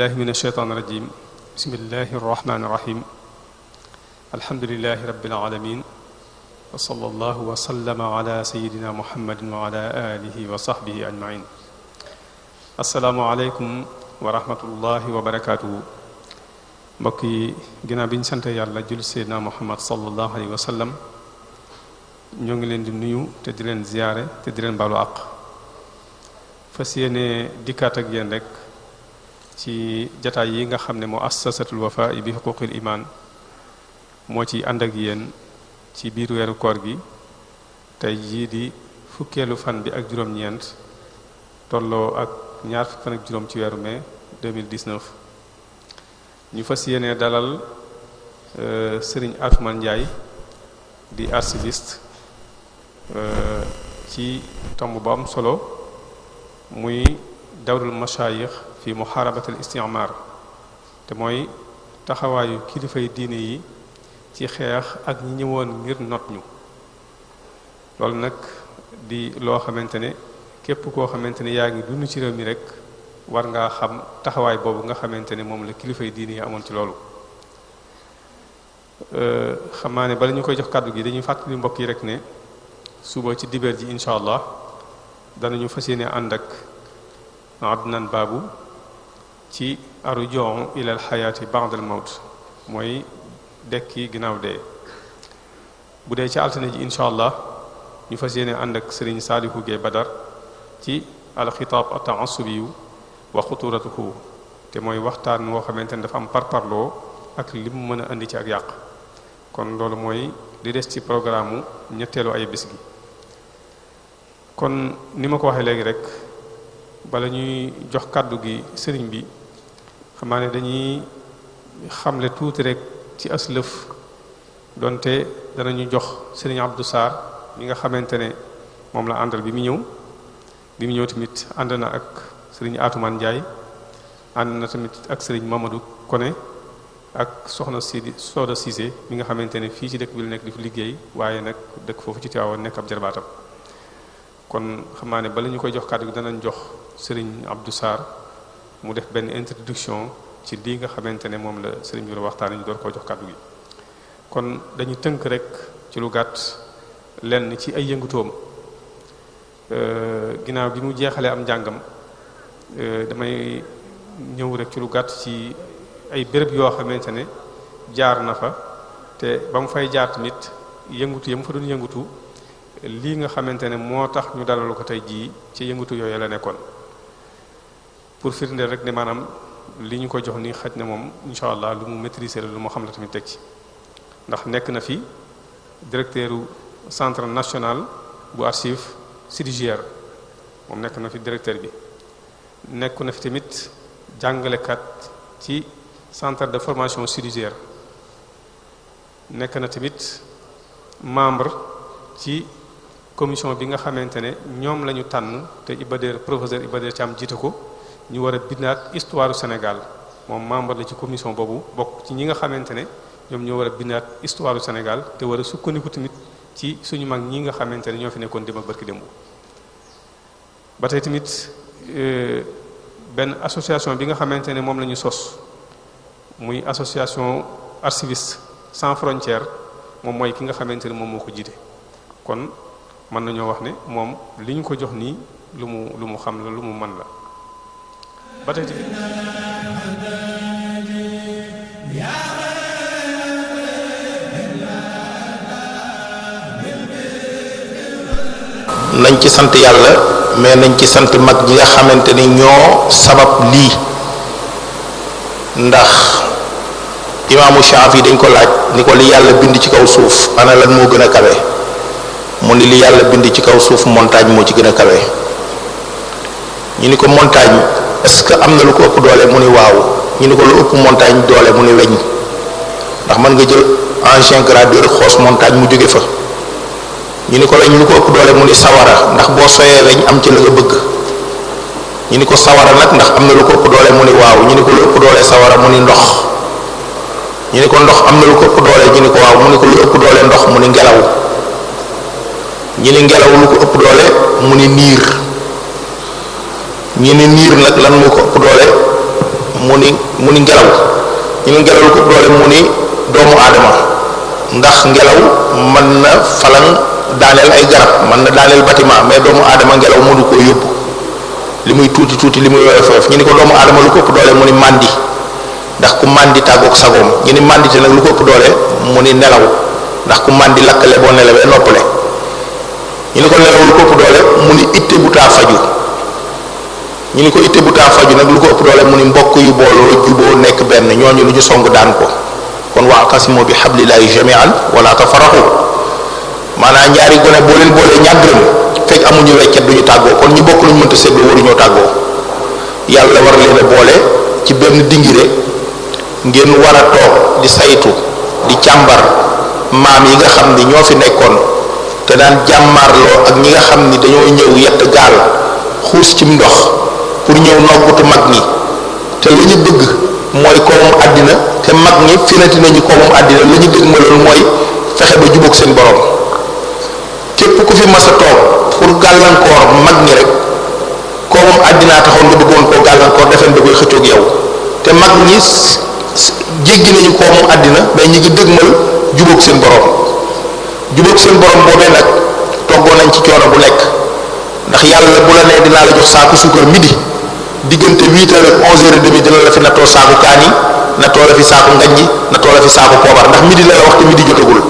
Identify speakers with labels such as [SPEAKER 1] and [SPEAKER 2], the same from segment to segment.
[SPEAKER 1] billahi min asheytaan irajim bismillahi arrahmani irrahim alhamdulilahi rabilalamin wasala allahu wasallama ala seyidina muhammadin wa ala alihi wa saxbihi ajmain asalaamualeykum wa rahmatullahi wa barakatuhu mbokk yi ginnaaw bi ñu sant yàlla jul seydina muhammad salallahu alayhi wa sallam ñoo ngi leen di nuyu te di leen ziyaare te di leen baalu àq fas yéene dikkaat ak yéen rek ci jataay yi nga xam ne mu assasatul wafa bi xuquqil iman moo ci ànd ak yéen ci biir weeru koor gi tey jii di fukkeelu fan bi ak juróom-ñeent tolloo ak ñaar fukki fan ak juróom ci weeru mai 2019 ñu fas yéene dalal euh, sëriñ Atuman Ndiaye di archiviste euh, ci tomb bu am solo muy dawrul mashayikh fi muharabatil istimar te mooy taxawaayu kilifay diine yi ci xeex ak ñi ñëwoon ngir not ñu loolu nag di loo xamante ne képp koo xamante ne yaa ngi dund ci réew mi rek war ngaa xam taxawaay boobu nga xamante ne moom la kilifay diine yi amoon ci loolu euh, xam naa ne bala ñu koy jox kàddu gi dañuy fàttali mbokk yi rek ne suba ci dibeer ji incha allah danañu fas yéene ànd ak Adnan Babu ci arujuu ila alxayaati ba'da almawt mooy dekki ginnaaw de bu dee ci altine ji incha allah ñu fa yéene ànd ak sëriñ Saalihu ba dar ci alxitaab at-ta'assubi wa xuturatuhu te mooy waxtaan woo xamante ne dafa am par parparloo ak li mu mën a indi ci ak yàq kon loolu mooy li des ci programme mu ñetteelu ay bés gi kon ni ma ko waxee léegi rek bala ñuy jox kàddu gi sëriñ bi xamaa ne dañuy xamle tuuti rek ci aslef donte dana ñu jox sëriñ Abdou Sarr mi nga xamante ne moom la àndal bi mu ñëw bi mu ñëw tamit ànd na ak sëriñ Atoumane Ndiaye ànd na tamit ak sëriñ Mamadou kone ak soxna si Soda Cissé mi nga xamante ne fii ci dëkk bi la nekk di fi liggéey waaye nag dëkk foofu ci Tivaouane nekk ab jarbaatam kon xamaa ne bala ñu koy jox kàddu gi danañ jox sëriñ Abdou Sarr mu def benn introduction ci lii nga xamante ne moom la sëriñ bi waxtaan ñu door koo jox kàddu gi kon dañu tënk rek ci lu gàtt lenn ci ay yëngutoom euh, ginnaaw bi mu jeexalee am njàngam euh, damay ñëw rek ci lu gàtt ci ay béréb yoo xamante ne jaar na fa te ba mu fay jaar tamit yëngutu ya mu fa doon yëngutu lii nga xamante ne moo tax ñu dalal ko tey jii ci yëngutu yooyu la nekkoon pour firndeel rek ne maanaam li ñu ko jox ni xaj na moom incha allah lu mu maîtriser lu mu xam la tamit teg ci ndax nekk na fi directeur centre national bu archive CIDIGR moom nekk na fi directeur bi nekk na fi tamit jàngalekat ci centre de formation CIDIGR nekk na tamit membre ci commission bi nga xamante ne ñoom la ñu tànn te Ibader professeur Ibader Thiam jiite ko. ñu war a bindaat histoire Sénégal moom membre la ci commission boobu bokk ci ñi nga xamante ne ñoom ñoo war a bindaat histoire Sénégal te war a sukkandiku tamit ci suñu mag ñi nga xamante ne ñoo fi nekkoon dem ak barki démb ba tey tamit euh, benn association bi nga xamante ne moom la ñu sos muy association archiviste sans frontière moom mooy ki nga xamante ne moom moo ko jiite kon mën nañoo wax ne moom li ñu ko jox nii lu mu lu mu xam la lu mu mën la ba
[SPEAKER 2] nañ ci sant yàlla mais nañ ci sant mag ñi nga xamante ni ñoo sabab lii ndax imaamu Shaafi dañ ko laaj ni ko li yàlla bind ci kaw suuf ana moo gën a kawe mu ni li yàlla bind ci kaw suuf montagne moo ci gën a kawe ñu ni ko montagne est-ce que am na lu ko ëpp doole mu ni waaw ñu ni doole mu ni ndax mën nga jël engin gradeur xoos montagne mu jóge fa ñu ni ko ko ëpp doole mu ni sawara ndax boo soyee weñ am ci la nga ni ko sawara nag ndax am na lu ko ëpp mu ni ñu ni doole sawara mu ni ndox ko ndox am na ko ëpp doole mu ni ko lu ëpp doole ndox mu ni ngelaw ñu ni ngelaw lu ko ëpp doole mu ni niir ñu ne niir nag lan moo ko ëpp doole mu ni ko ëpp doole mu ni doomu aadama ndax ngelaw mën na falan daaneel ay garab mën na daaneel bâtiment mais doomu aadama ngelaw mënu li muy tuuti tuuti li muy woyof ñu ni ko doomu aadama lu ku màndi tàggoog sagoom ñu ni màndi te nag lu ko ëpp doole mu ni nelaw ndax ku màndi lakkale boo nelawee noppale ñu ni ko nelaw lu ko ëpp doole mu ni itte bu faju ñu ni ko itte bu taa faju nag lu ko ëpp doole mu ni mbokk yu booloo juboo nekk benn ñooñu lu ñu song daan ko kon wax wa'tasimu bi hablillahi jami'an wala tafarraqu maanaam ñaari gone boo leen boolee ñaar dërëm fekk amuñu weccet duñu tàggoo kon ñu bokk lu luñ mënta séddoo waruñoo tàggoo yàlla war leen a boole ci benn dingire ngeen war a toog di saytu di càmbar maam yi nga xam ni ñoo fi nekkoon te daan jàmmarloo ak ñi nga xam ni dañoo ñëw yett gaal xuus ci ndox pour ñëw noggutu mag ñi te lu ñu bëgg mooy koomum àddina te mag ñi finati nañu koomum àddina lu ñu dëgg ma mooy fexe ba jubóog seen borom képp ku fi mas a toog pour gàllankoor mag ñi rek koomum àddinaa taxoon nga bëggoon koo gàllankoor defeen da koy xëccoog yow te mag ñi jéggi nañu koomum àddina mais ñu ngi dëgmal jubóog seen borom jubóog seen borom boobee nag toggoo nañ ci coono bu nekk ndax yàlla bu la nee dinaa la jox saaku suukar midi diggante huit heures ak onze heures et demie dina la fi nattoo saaku kaani nattoo la fi saaku ngaññi nattoo la fi saaku poobar ndax midi la la wax te midi jotagul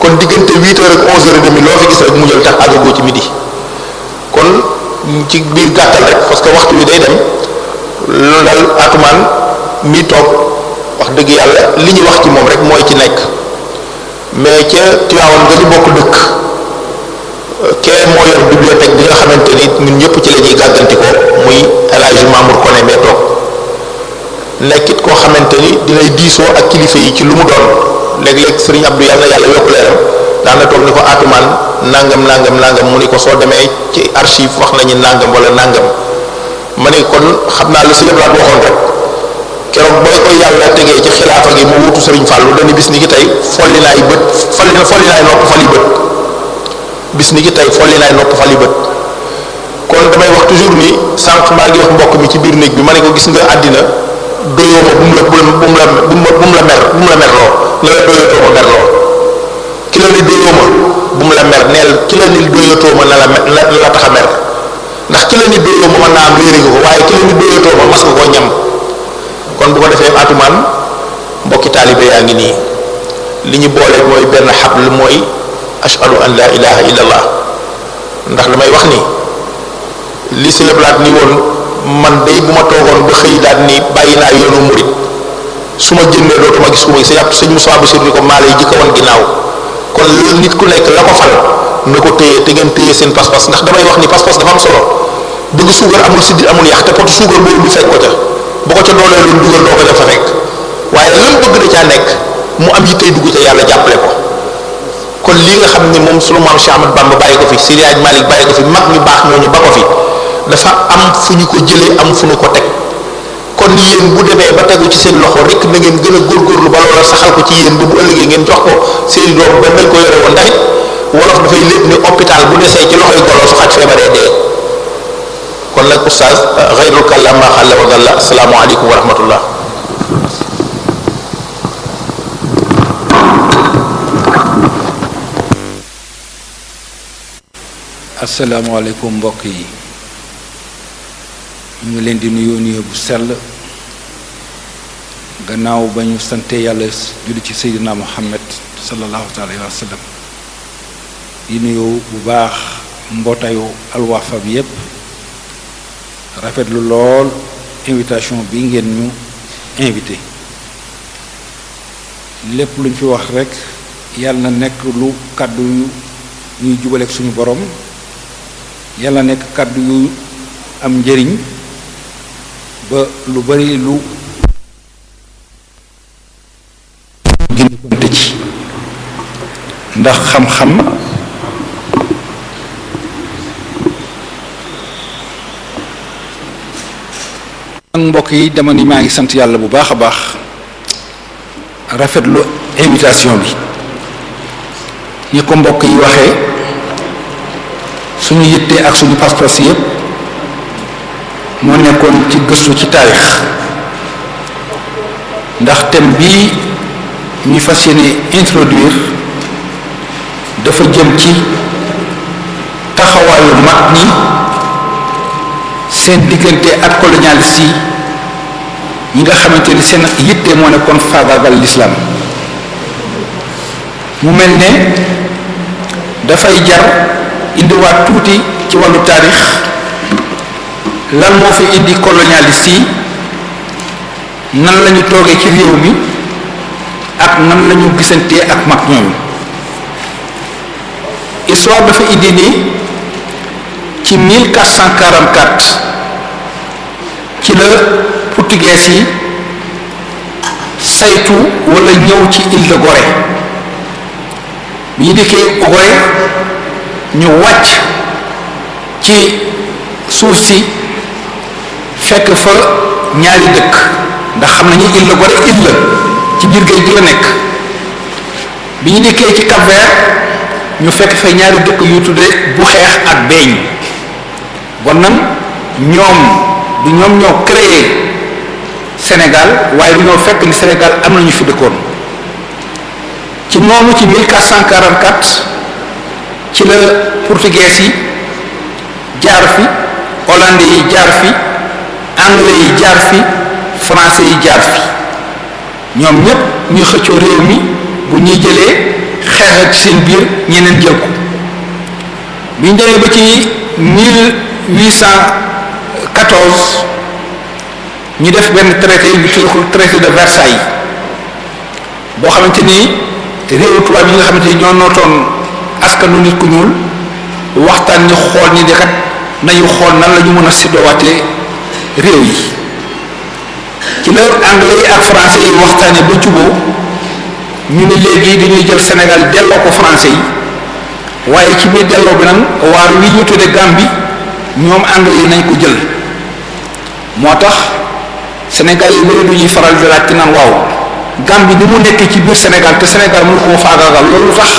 [SPEAKER 2] kon diggante huit heures ak onze heures et demie loo fi gis rek mu jël tax àggagoo ci midi kon ci biir gàttal rek parce que waxtu bi day dem loolu daal atumaan mi toog wax dëgg yàlla li ñu wax ci moom rek mooy ci nekk mais ca Tivaouane nga ñu bokk dëkk. kee moo yor bibliothèque bi nga xamante ni ñun ñëpp ci la ñuy gàggantikoo muy El Hadj Mamour Koné mee toog nekkit koo xamante ni dinay diisoo ak kilifa yi ci lu mu doon léeg-léeg Serigne Abdou yàlla yàlla yokk leeram daana toog ni ko atumaan nangam nangam nangam mu ni ko soo demee ci archive wax nañu nangam wala nangam ma ne kon xam naa la si yëpp laat waxoon rek keroog booy koy yàlla tegee ci xilaafa gi mu wutu Serigne Fallou dana bis ni ki tey folli bis ni ci tey folli naay nopp fali bët kon damay wax toujours ni sànq maa ngi wax mbokk mi ci biir néeg bi ma ne ko gis nga àddina doyoo ma bu mu la bu la bu mu la mer bu mu la merloo la la doyatoo la ni mer ndax ki la ni doyoo naa am réere nga ko waaye ki la ni doyatoo koo ñam kon bu ko defee atumaan mbokki taalibe yaa ngi nii li ñu boole mooy benn xabl mooy ashhadu an la ilaha illallah ndax damay wax ni li sëleblaat ni woon man day bu ma toogoon ba xëy daal nii bàyyi naa yoonu murit su ma jëndee dootuma gis ku ma gis sëñ Moussa Bachir ni ko maa lay jëkka woon ginnaaw kon nit ku nekk la ko fal na ko téye te ngeen téye seen pas ndax damay wax ni pas-pas dafa am solo bëgg suukar amul siddi amul yàq te pot suukar boobu du fekk ko ca bu ko ca doolee loolu dugal doo ko def fa fekk waaye lan caa nekk mu am yittey dugg ca yàlla jàppale ko kon lii nga xam ni moom sunu maam Cheikh Ahmad Bamba bàyyi ko fi Seydi Hadji Malick bàyyi ko fi mag ñu baax ñooñu ba ko fi dafa am fu ñu ko jëlee am fu ñu ko teg kon yéen bu demee ba tegu ci seen loxo rekk na ngeen gën a góorgóorlu ba loola saxal ko ci yéen bu ëllëgee ngeen jox ko seen doom ba dañ ko yore woon ndax wolof dafay lépp ni hôpital bu desee ci loxoy golo su xaj feebaree dee kon nag oustaz xayrul kàllaama xalla wa dalla asalaamaaleykum wa rahmatullah asalaamaaleykum mbokk yi ñu ngi leen di nuyoo nuyoo bu sell gannaaw ba ñu sante yàlla julli ci seydina muhammad sallallahu alayhi wa di nuyoo bu baax mbootaayu alwafa bi yépp rafetlu lool invitation bi ngeen ñu invité lépp luñ fi wax rekk yàlla na nekk lu kàddu yu ñuy jubaleek suñu boroom yàlla nekk kàddu yu am njëriñ ba lu bari lu génn ci ndax xam-xam mbokk yi dama ni maa ngi sant yàlla bu baax a baax rafetlu invitation bi ñi ko mbokk yi waxee suñu yittee ak suñu pas-pas yépp moo nekkoon ci gëstu ci taarix ndax tem bii ñuy fas yéene introduire dafa jëm ci taxawaayu mag ñi seen diggante ak colonialiste yi ñi nga xamante ni seen yitte moo nekkoon faagaagal l'islam mu mel ne dafay jar indiwaat tuuti ci wàllu taarix lan moo fi indi colonialiste yi nan lañu toogee ci réew mi ak nan lañu gisantee ak mag ñooñu histoire dafa indi ni ci 1444 ci la portugais yi saytu wala ñëw ci île de bi ñu dikkee Gorée ñu wàcc ci suuf si fekk fa ñaari dëkk ndax xam nañu île la Gorée île la ci biir géej gi nekk bi ñu dikkee ci cap ñu fekk fa ñaari dëkk yu tudde bu xeex ak beeñ bon nag ñoom du ñoom ñoo créé Sénégal waaye dañoo fekk ni Sénégal am nañu fi dëkkoon ci noonu ci 1444 ci la portugais yi jaar fi hollandais yi jaar fi anglais yi jaar fi français yi jaar fi ñoom ñépp ñu xëccoo réew mi bu ñuy jëlee xeex ak seen biir ñeneen jël ko bi ñu demee ba ci 1814 ñu def benn traité bi tudd ko traité de Versailles boo xamante ni réewu tubaab yi nga xamante ni ñoo nootoon askanu nit ko ñuul waxtaan ñu xool ni dekat nañu xool nan la ñu mën a siddowaatee réew yi ci leur anglais yi ak français yi waxtaane ba juboo ñu ne léegi dañuy jël Sénégal delloo ko français yi waaye ci biir delloo bi nag waar wi ñu tudde Gambie ñoom anglais yi nañ ko jël moo tax Sénégal yi bëri du ñuy faral di laaj ci naan waaw Gambie ni mu nekk ci biir Sénégal te Sénégal mënu koo faagaagal loolu tax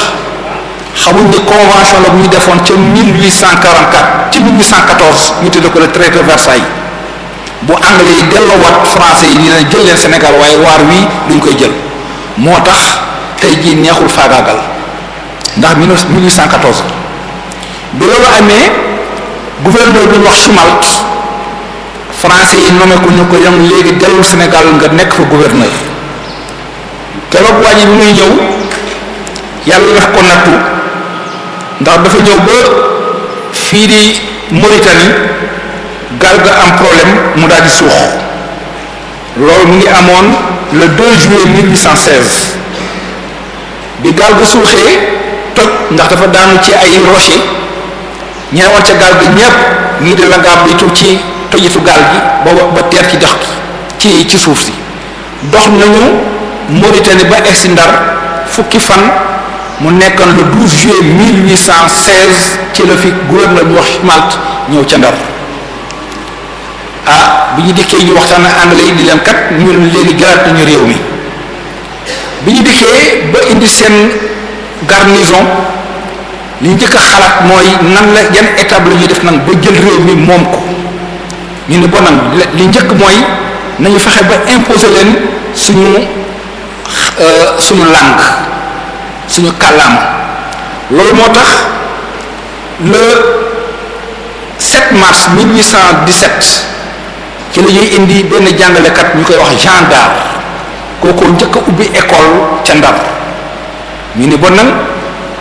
[SPEAKER 2] xamuñ ni convention la bu ñu defoon ca 1844 ci 1814 ñu tuddee ko le traité de Versailles bu anglais yi delloowaat français yi ñu leen jël leen waaye waar wii duñ koy jël moo tax tey jii neexul faagaagal ndax 1814 bi loolu amee gouverneur bi wax Schmalz français yi nommé ñu ko yam léegi dellul Sénégal nga nekk fa gouverneur keroog waa ji ko nattu. ndax dafa ñëw ba fii di Mauritanie gaal ga am problème mu daal di suux loolu mu ngi amoon le 2 juillet 1816 bi gaal ga suuxee toj ndax dafa daanu ci ay rocher ñeewoon ca gaal gi ñépp ñii di la ngaam bi tur ci tojitu gaal gi ba ba teer ci dox gi ci ci suuf si dox nañu Mauritanie ba egsi Ndar fukki fan mu nekkoon le 12 juillet 1816 ci la fi gouverneur ñu wax Malte ñëw ca Ndar ah bi ñu dikkee ñu waxtaan ak anglais yi di leen kat ñun léegi garaat nañu réew mi bi ñu dikkee ba indi seen garnison li njëkk xalaat mooy nan la yan étable la def nag ba jël réew mi moom ko ñu ne bon nag li njëkk mooy nañu fexe ba imposer leen suñu euh, suñu langue. suñu kàllaama loolu moo tax le 7 mars 1817 ci la ñuy indi benn jàngalekat ñu koy wax Jean Dard kooku njëkk ubbi école ca Ndar ñu ni bon nag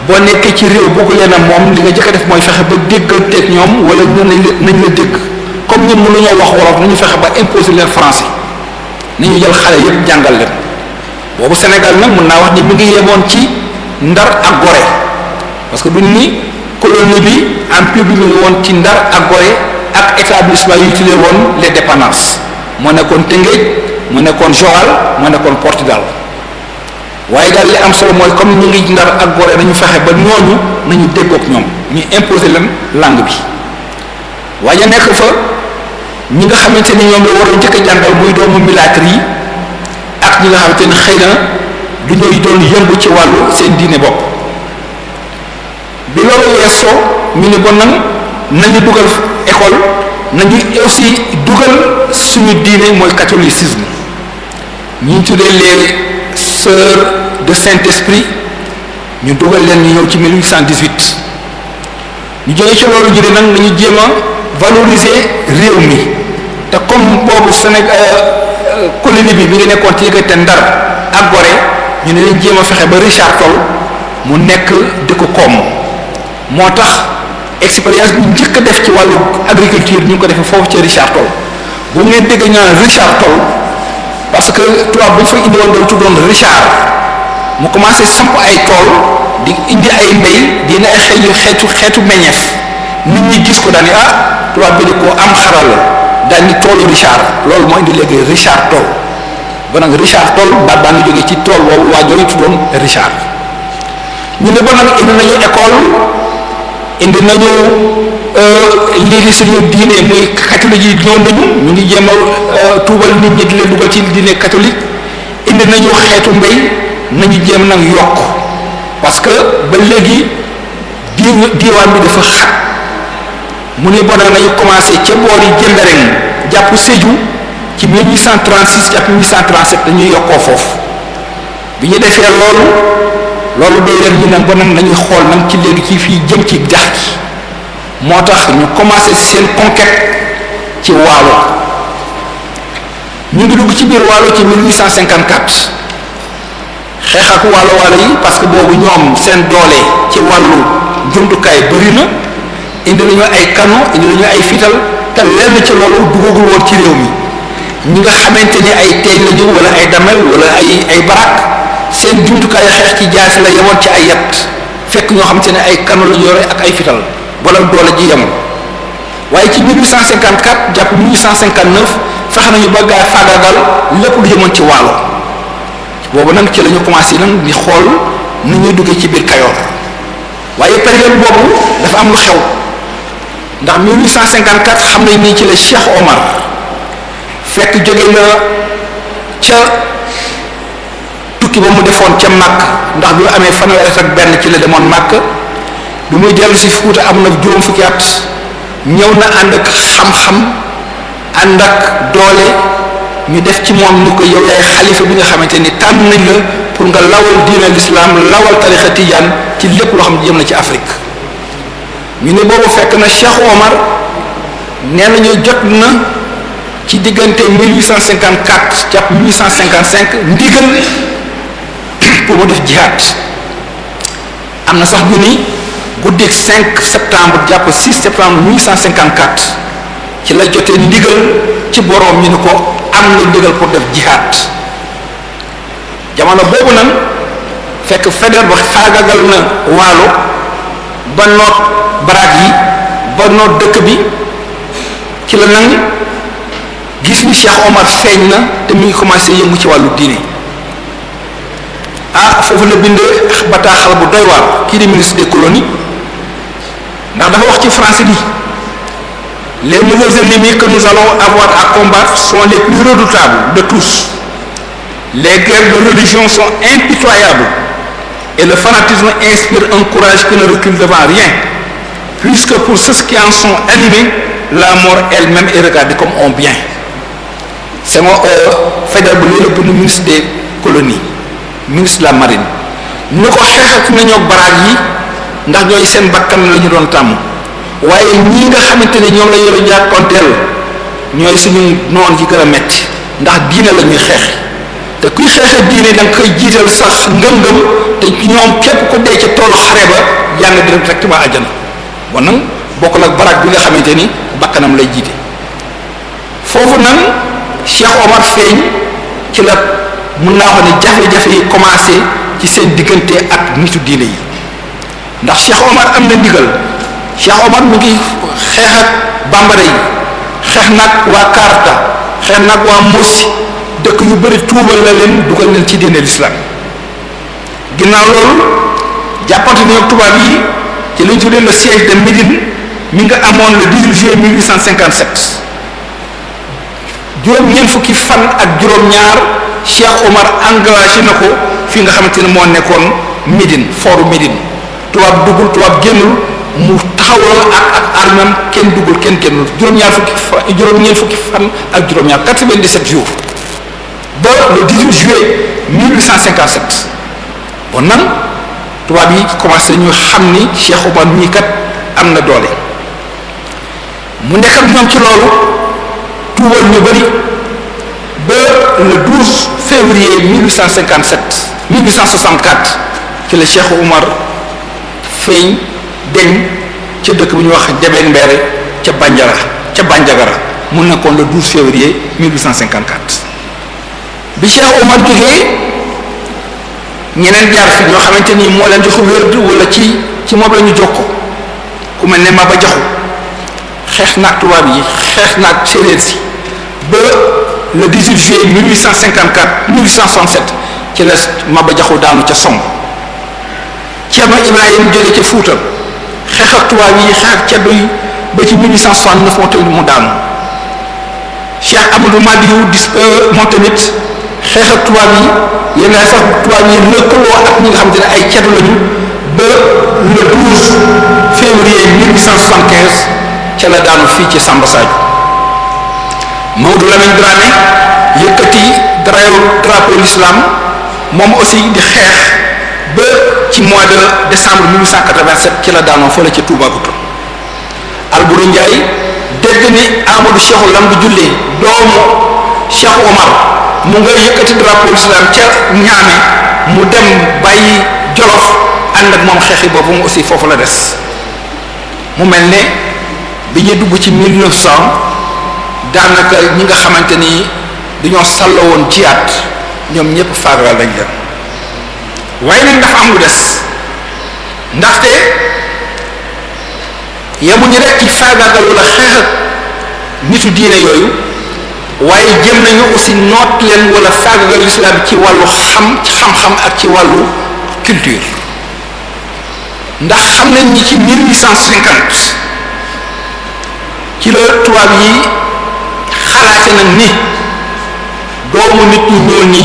[SPEAKER 2] boo nekkee ci réew bëgg leen a moom li nga njëkk def mooy fexe ba dégganteeg ñoom wala ñun nañ la nañ la dégg comme ñun mënuñoo wax wolof nañu fexe ba imposer leen français nañu jël xale yépp jàngal leen boobu Sénégal nag mën naa wax ni mi ngi yemoon ci. ndar ak gore parce que duñ ni colonie bi empire bi woon ci ndar ak gore ak établissement yu tuddee woon le dépendance moo nekkoon Tëngéej moo nekkoon Joal moo nekkoon Portugal waaye daal li am solo mooy comme ñu ngi ndar ak gore nañu fexe ba ñooñu nañu déggoog ñoom ñu imposer leen langue bi waaye nekk fa ñi nga xamante ni ñoom la njëkk a jàngal muy doomu militaire yi ak ñi nga xamante ni xëy na du ñuy doon yëngu ci wàllu seen diine bopp bi loolu weesoo ñu ne bon nag nañu dugal école nañu aussi dugal suñu diine mooy catholicisme ñu tuddee les sœurs de Saint-Esprit ñu dugal leen ñu ñëw ci 1818 ñu jógee ci loolu ñu ne nag nañu jéem a valoriser réew mi te comme boobu Sénégal euh, euh, colonie bi mi ngi nekkoon ci yëkkate Ndar ak Gorée ñu ne nañ jéem a fexe ba Richard Toll mu nekk dëkku koom moo tax expérience bi njëkk def ci wàllu agriculture ñu ngi ko defee foofu ci Richard Toll bu ngeen dégg ñu naan Richard Toll parce que tubaab bu ñu fa indi woon doon tuddoon Richard mu commencé samp ay tool di indi ay mbéy di indi ay xeetu xeetu xeetu meññeef nit ñi gis ko daal ni ah tubaab bi di ko am xaral la daal ni toolu Richard loolu moo indi léegi Richard Toll. ba nag Richard toll baat baa ngi ci tool boobu waa jooju tuddoon Richard ñu ne ba nag indi nañu école indi nañu euh, léegi suñu diine muy catholique yi ñëw nañu ñu ngi jéem a euh, tuubal nit ñi di leen dugal ci diine catholique indi nañu xeetu mbéy nañu jéem nag yokk parce que ba léegi di diiwaan bi dafa xat mu ne bon nañu commencé ca boori Jëndareng jàpp Sédhiou. ci 1836 ak 1837 dañuy yokkoo foofu bi ñu defee loolu loolu béykat yi nag bon nag nañuy xool nag ci léegi ci fii jëm ci dex gi moo tax ñu commencé seen conquête ci waalo ñu ngi dugg ci biir waalo ci 1854 xeex ak waalo waalo yi parce que boobu ñoom seen doole ci wàllu jumtukaay bëri na indi nañu ay canon indi nañu ay fital te lenn ci loolu duggagul woon ci réew yi ñi nga xamante ni ay teeñ la jóg wala ay damel wala ay ay barak seen jumtukaayu xeex ci jaasi la yemoon ci ay yat fekk ñoo xamante ne ay kanu la yore ak ay fital wala doole ji yemul waaye ci 1854 jàpp 1859 fexe nañu ba gaa faagaagal lépp lu yemoon ci waalo boobu nag ci lañu ñu commencé nag di xool ni ñuy duggee ci biir Kayoor waaye période boobu dafa am lu xew ndax 1854 xam nañ ni ci la Cheikh Omar. fekk jóge na ca tukki ba mu defoon ca màkk ndax bi mu amee fanweeri ak benn ci la demoon màkk bi muy dellu si Fuuta am na juróom fukki at ñëw na ànd ak xam-xam ànd ak doole ñu def ci moom ni ko yow yaay xalifa bi nga xamante ni tànn nañ la pour nga lawal diine l'islam lawal tarixa tijaan ci lépp loo xam ne jëm na ci Afrique ñu ne boobu fekk na Cheikh Omar nee nañu jot na ci diggante 1854 jàpp 1855 ndigal pour mu def jihaad am na sax ñu ni guddeeg 5 septembre jàpp 6 septembre 1854 ci la jotee ndigal ci boroom ñu ni ko am na ndigal pour def jihaad jamono boobu nan fekk Faidherbe ba faagagal na waalo ba noot baraag yi ba noot dëkk bi ci la nang gis ni Cheikh Omar feeñ na te mu ngi commencé yëngu ci wàllu diine ah foofu la bind bataaxal bu doy waar kii di ministre des colonies ndax dafa wax ci français bi les nouveaux ennemis que nous allons avoir à combattre sont les plus redoutables de tous les guerres de religion sont impitoyables et le fanatisme inspire un courage qui ne recule devant rien puisque pour ceux qui en sont animés la mort elle-même comme un bien sama euh, fédéral bu léegi pour le ministre des colonies ministre de la marine ñu ko xeexat nañoo baraag yi ndax ñooy seen bakkan la ñu doon tàmm waaye ñii nga xamante ne ñoom la yore jàkkoonteel ñooy suñu noon yi gën a metti ndax diine la ñuy xeex te kuy xeexe diine da nga koy jiital sax ngëm-ngëm te ñoom képp ko dee ca toolu xare ba yàlla dina directement àjjana bon nag bokk nag baraag bi nga xamante ni bakkanam lay jiite foofu nag Cheikh Omar feeñ ci la mun naa ko ne jafe-jafe yi commencé ci seen diggante ak nitu diine yi ndax Cheikh Omar am na ndigal Cheikh Omar mu ngi xeex ak bambara yi xeex nag waa Karta xeex nag waa Mursi dëkk yu bëri tuubal la leen dugal leen ci diine l'islam ginnaaw loolu jàppante nañu tubaab yi ci lañ tuddee le siège de Médine mi nga amoon le 18 juillet 1857 juróom ñeent fukki fan ak juróom-ñaar Cheikh Omar engagé na ko fi nga xamante ne moo nekkoon Médine fooru Médine tubaab duggul tubaab génnul mu taxawal ak ak armam kenn duggul kenn génnul juróom-ñaar fukki fan juróom-ñeent fukki fan ak juróom-ñaar 97 jours ba le 18 juillet 1857 bon nan tubaab yi commencé ñu xam ni Cheikh Omar nii kat am na doole mu nekk ñoom ci loolu. tuubal ñu bëri ba le 12 février 1857 1864 ci la Cheikh Oumar feeñ deñ ca dëkk bu ñuy wax Deben Mbéré ca Banjara ca Banjagara mu nekkoon le 12 février 1854 bi Cheikh Oumar jógee ñeneen jaar fi ñoo xamante ni moo leen jox wérd wala ci ci moom la ñu jokkoo ku mel ne Maba Jaxu xeex naag tubaab yi xeex naag séeréer si ba le 18 juillet 1854 1867 ci la Maba Jaxu daanu ca Somb Cerno Ibrahima jóge ca Fuuta xeex ak tubaab yi xeex ak ceddo yi ba ci 1869 moo tamit mu daanu Cheikh Amadou Madiou dis euh, moo tamit xeex ak tubaab yi yéen a sax tubaab yi lëkkaloo ak ñi nga xamante ne ay ceddo lañu ba le 12 février 1875 ca la daanu fii ci Samba Sadio Maodo Lamine Dramé yëkkati drapeau drapeau l'islam moom aussi di xeex ba ci mois de décembre 1887 ci la daanoo fële ca Toubacouta Alboury Ndiaye dégg ni Amadou Cheikhou Lamdou Diouldé doomu Cheikh Omar mu nga yëkkati drapeau l'islam ca Niamey mu dem bàyyi Jolof ànd ak moom xeexi boobu mu aussi foofu la des mu mel ne bi ñuy dugg ci 1900. daanaka ñi nga xamante ni duñoo sàlloo woon jiyaat ñoom ñëpp faagaal lañ leen waaye nag dafa am lu des ndaxte yemuñu rek ci faagaagal wala xeex ak nitu diine yooyu waaye jëm nañu aussi noot leen wala faagaagal lislaam ci wàllu xam xam-xam ak ci wàllu culture ndax xam nañ ni ci 1850 ci la tubaab yi. xalaate nag ni doomu nit ñu ñuul ñi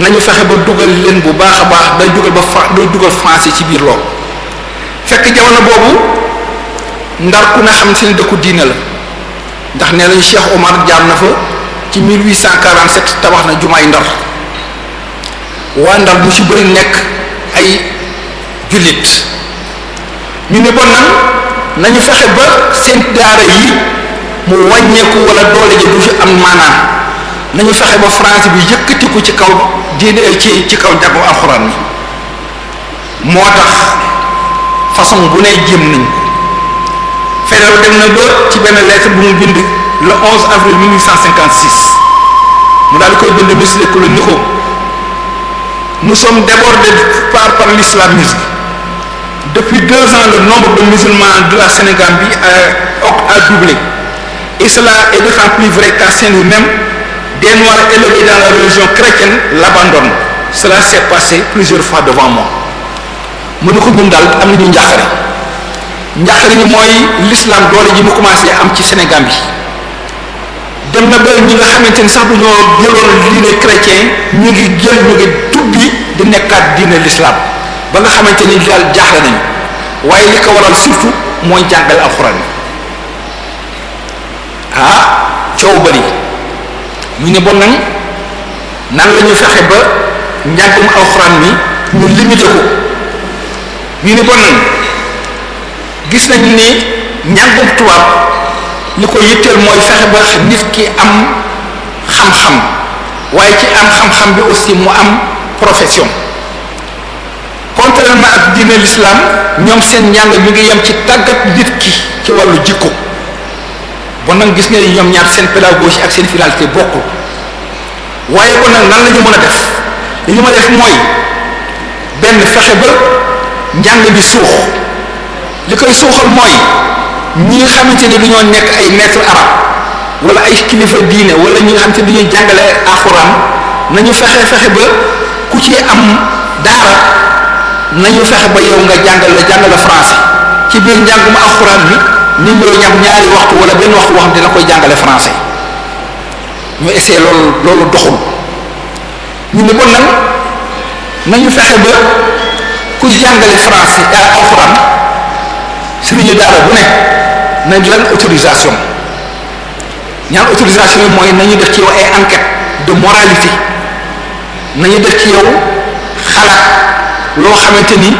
[SPEAKER 2] nañu fexe ba dugal leen bu baax a baax day dugal ba fa dugal français ci biir loolu fekk jamono boobu ndar ku ne xam seen dëkku diine la ndax ne nañu Cheikh Omar jaar na fa ci 1847 tabax na jumaay ndar waa ndar bu ci bëri nekk ay jullit ñu ne bon nan nañu fexe ba seen daara yi mu wàññeeku wala doole ji du fi am maanaam nañu fexe ba France bi yëkkati ko ci kaw diine ci ci kaw njàngu alxuraan yi moo tax façon bu ne jéem nañ ko dem na ba ci benn lettre bu mu bind le 11 avril 1856 mu daal koy bind Miss Lecoulier ni ko nous sommes débordés par par l'islamisme depuis deux ans le nombre de musulmans de la Sénégambie euh, a a doublé. Et cela est d'autant plus vrai qu'à Saint-Louis même, des Noirs élevés dans la religion chrétienne l'abandonnent. Cela s'est passé plusieurs fois devant moi. mu ne ko gum daal am na nañu njaaxare njaaxare bi mooy l'islam doole ji mu commencé am ci Sénégal bi dem na ba ñi nga xamante ni sax dañoo jëloon diine chrétien ñu ngi jël ñu ngi tubbi di nekkaat diine l'islam ba nga xamante ni daal jaaxle nañu waaye li ko waral surtout mooy jàngal alxuraan ah coow bari ñu ne bon nag nan la fexe ba njàngum alxuraan mi ñu limité ko ñu ne bon nag gis nañu ni njàngum tubaab li ko yitteel mooy fexe ba nit ki am xam-xam waaye ci am xam-xam bi aussi mu am profession contrairement ak diine l'islam ñoom seen ñàll ñu ngi yem ci tàggat nit ki ci wàllu jikko bon nag gis nga ñoom ñaar seen pédagogie ak seen finalité bokkul waaye kon nag nan lañu ñu mën a def li ñu mën def mooy benn fexe ba njàng bi suux li koy suuxal mooy ñi nga xamante ni dañoo nekk ay maître arab wala ay kilifa diine wala ñi nga xamante ni dañuy jàngale alxuraan nañu fexe fexe ba ku ci am daara nañu fexe ba yow nga jàngal la jàngale français ci biir njàngum alxuraan bi. numéro ñam ñaari waxtu wala benn waxtu boo xam ne dina koy jàngale français ñu essayé loolu loolu doxul ñu ne bon nag nañu fexe ba ku jàngale français ak euh, alxuraan sëriñu daara bu nekk nañ lan autorisation ñaan autorisation yi mooy nañu def ci yow ay enquête de moralité nañu def ci yow xalaat loo xamante ni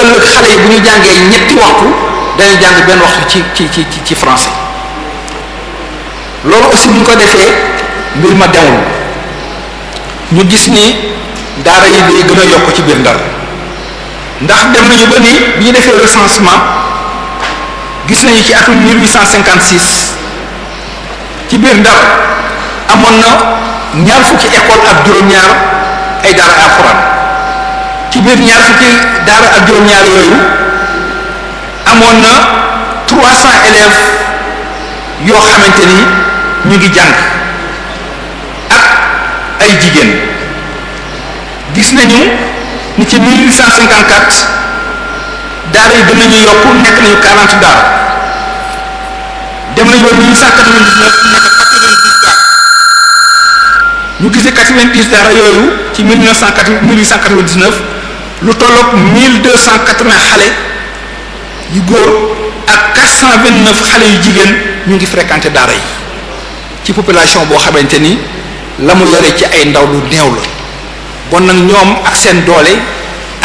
[SPEAKER 2] ëllëg xale yi bu ñu jàngee ñetti waxtu dañuy jàng benn waxtu ci ci ci ci français loolu aussi bu ñu ko defee mbir ma demul ñu gis ni daara yi day gën a yokk ci biir Ndar ndax dem nañu ba ni bi ñu defee recensement gis nañu ci atum 1856 ci biir Ndar amoon na ñaar fukki école ak juróom-ñaar ay daara alxuraan ci biir ñaar fukki daara ak juróom-ñaar yooyu. amoon na trois cent élèves yoo xamante ni ñu ngi jàng ak ay jigéen gis nañu ni ci 1854 daara yi dinañu yokk nekk nañu 40 daara dem nañu ba 1899 nekk 90 ñu gisee 90 daara yooyu ci 1999 lu tolloog 1280 xale. yu góor ak 429 xale yu jigéen ñu ngi fréquenté daara yi ci population boo xamante ni la mu yore ci ay ndaw lu néew la bon nag ñoom ak seen doole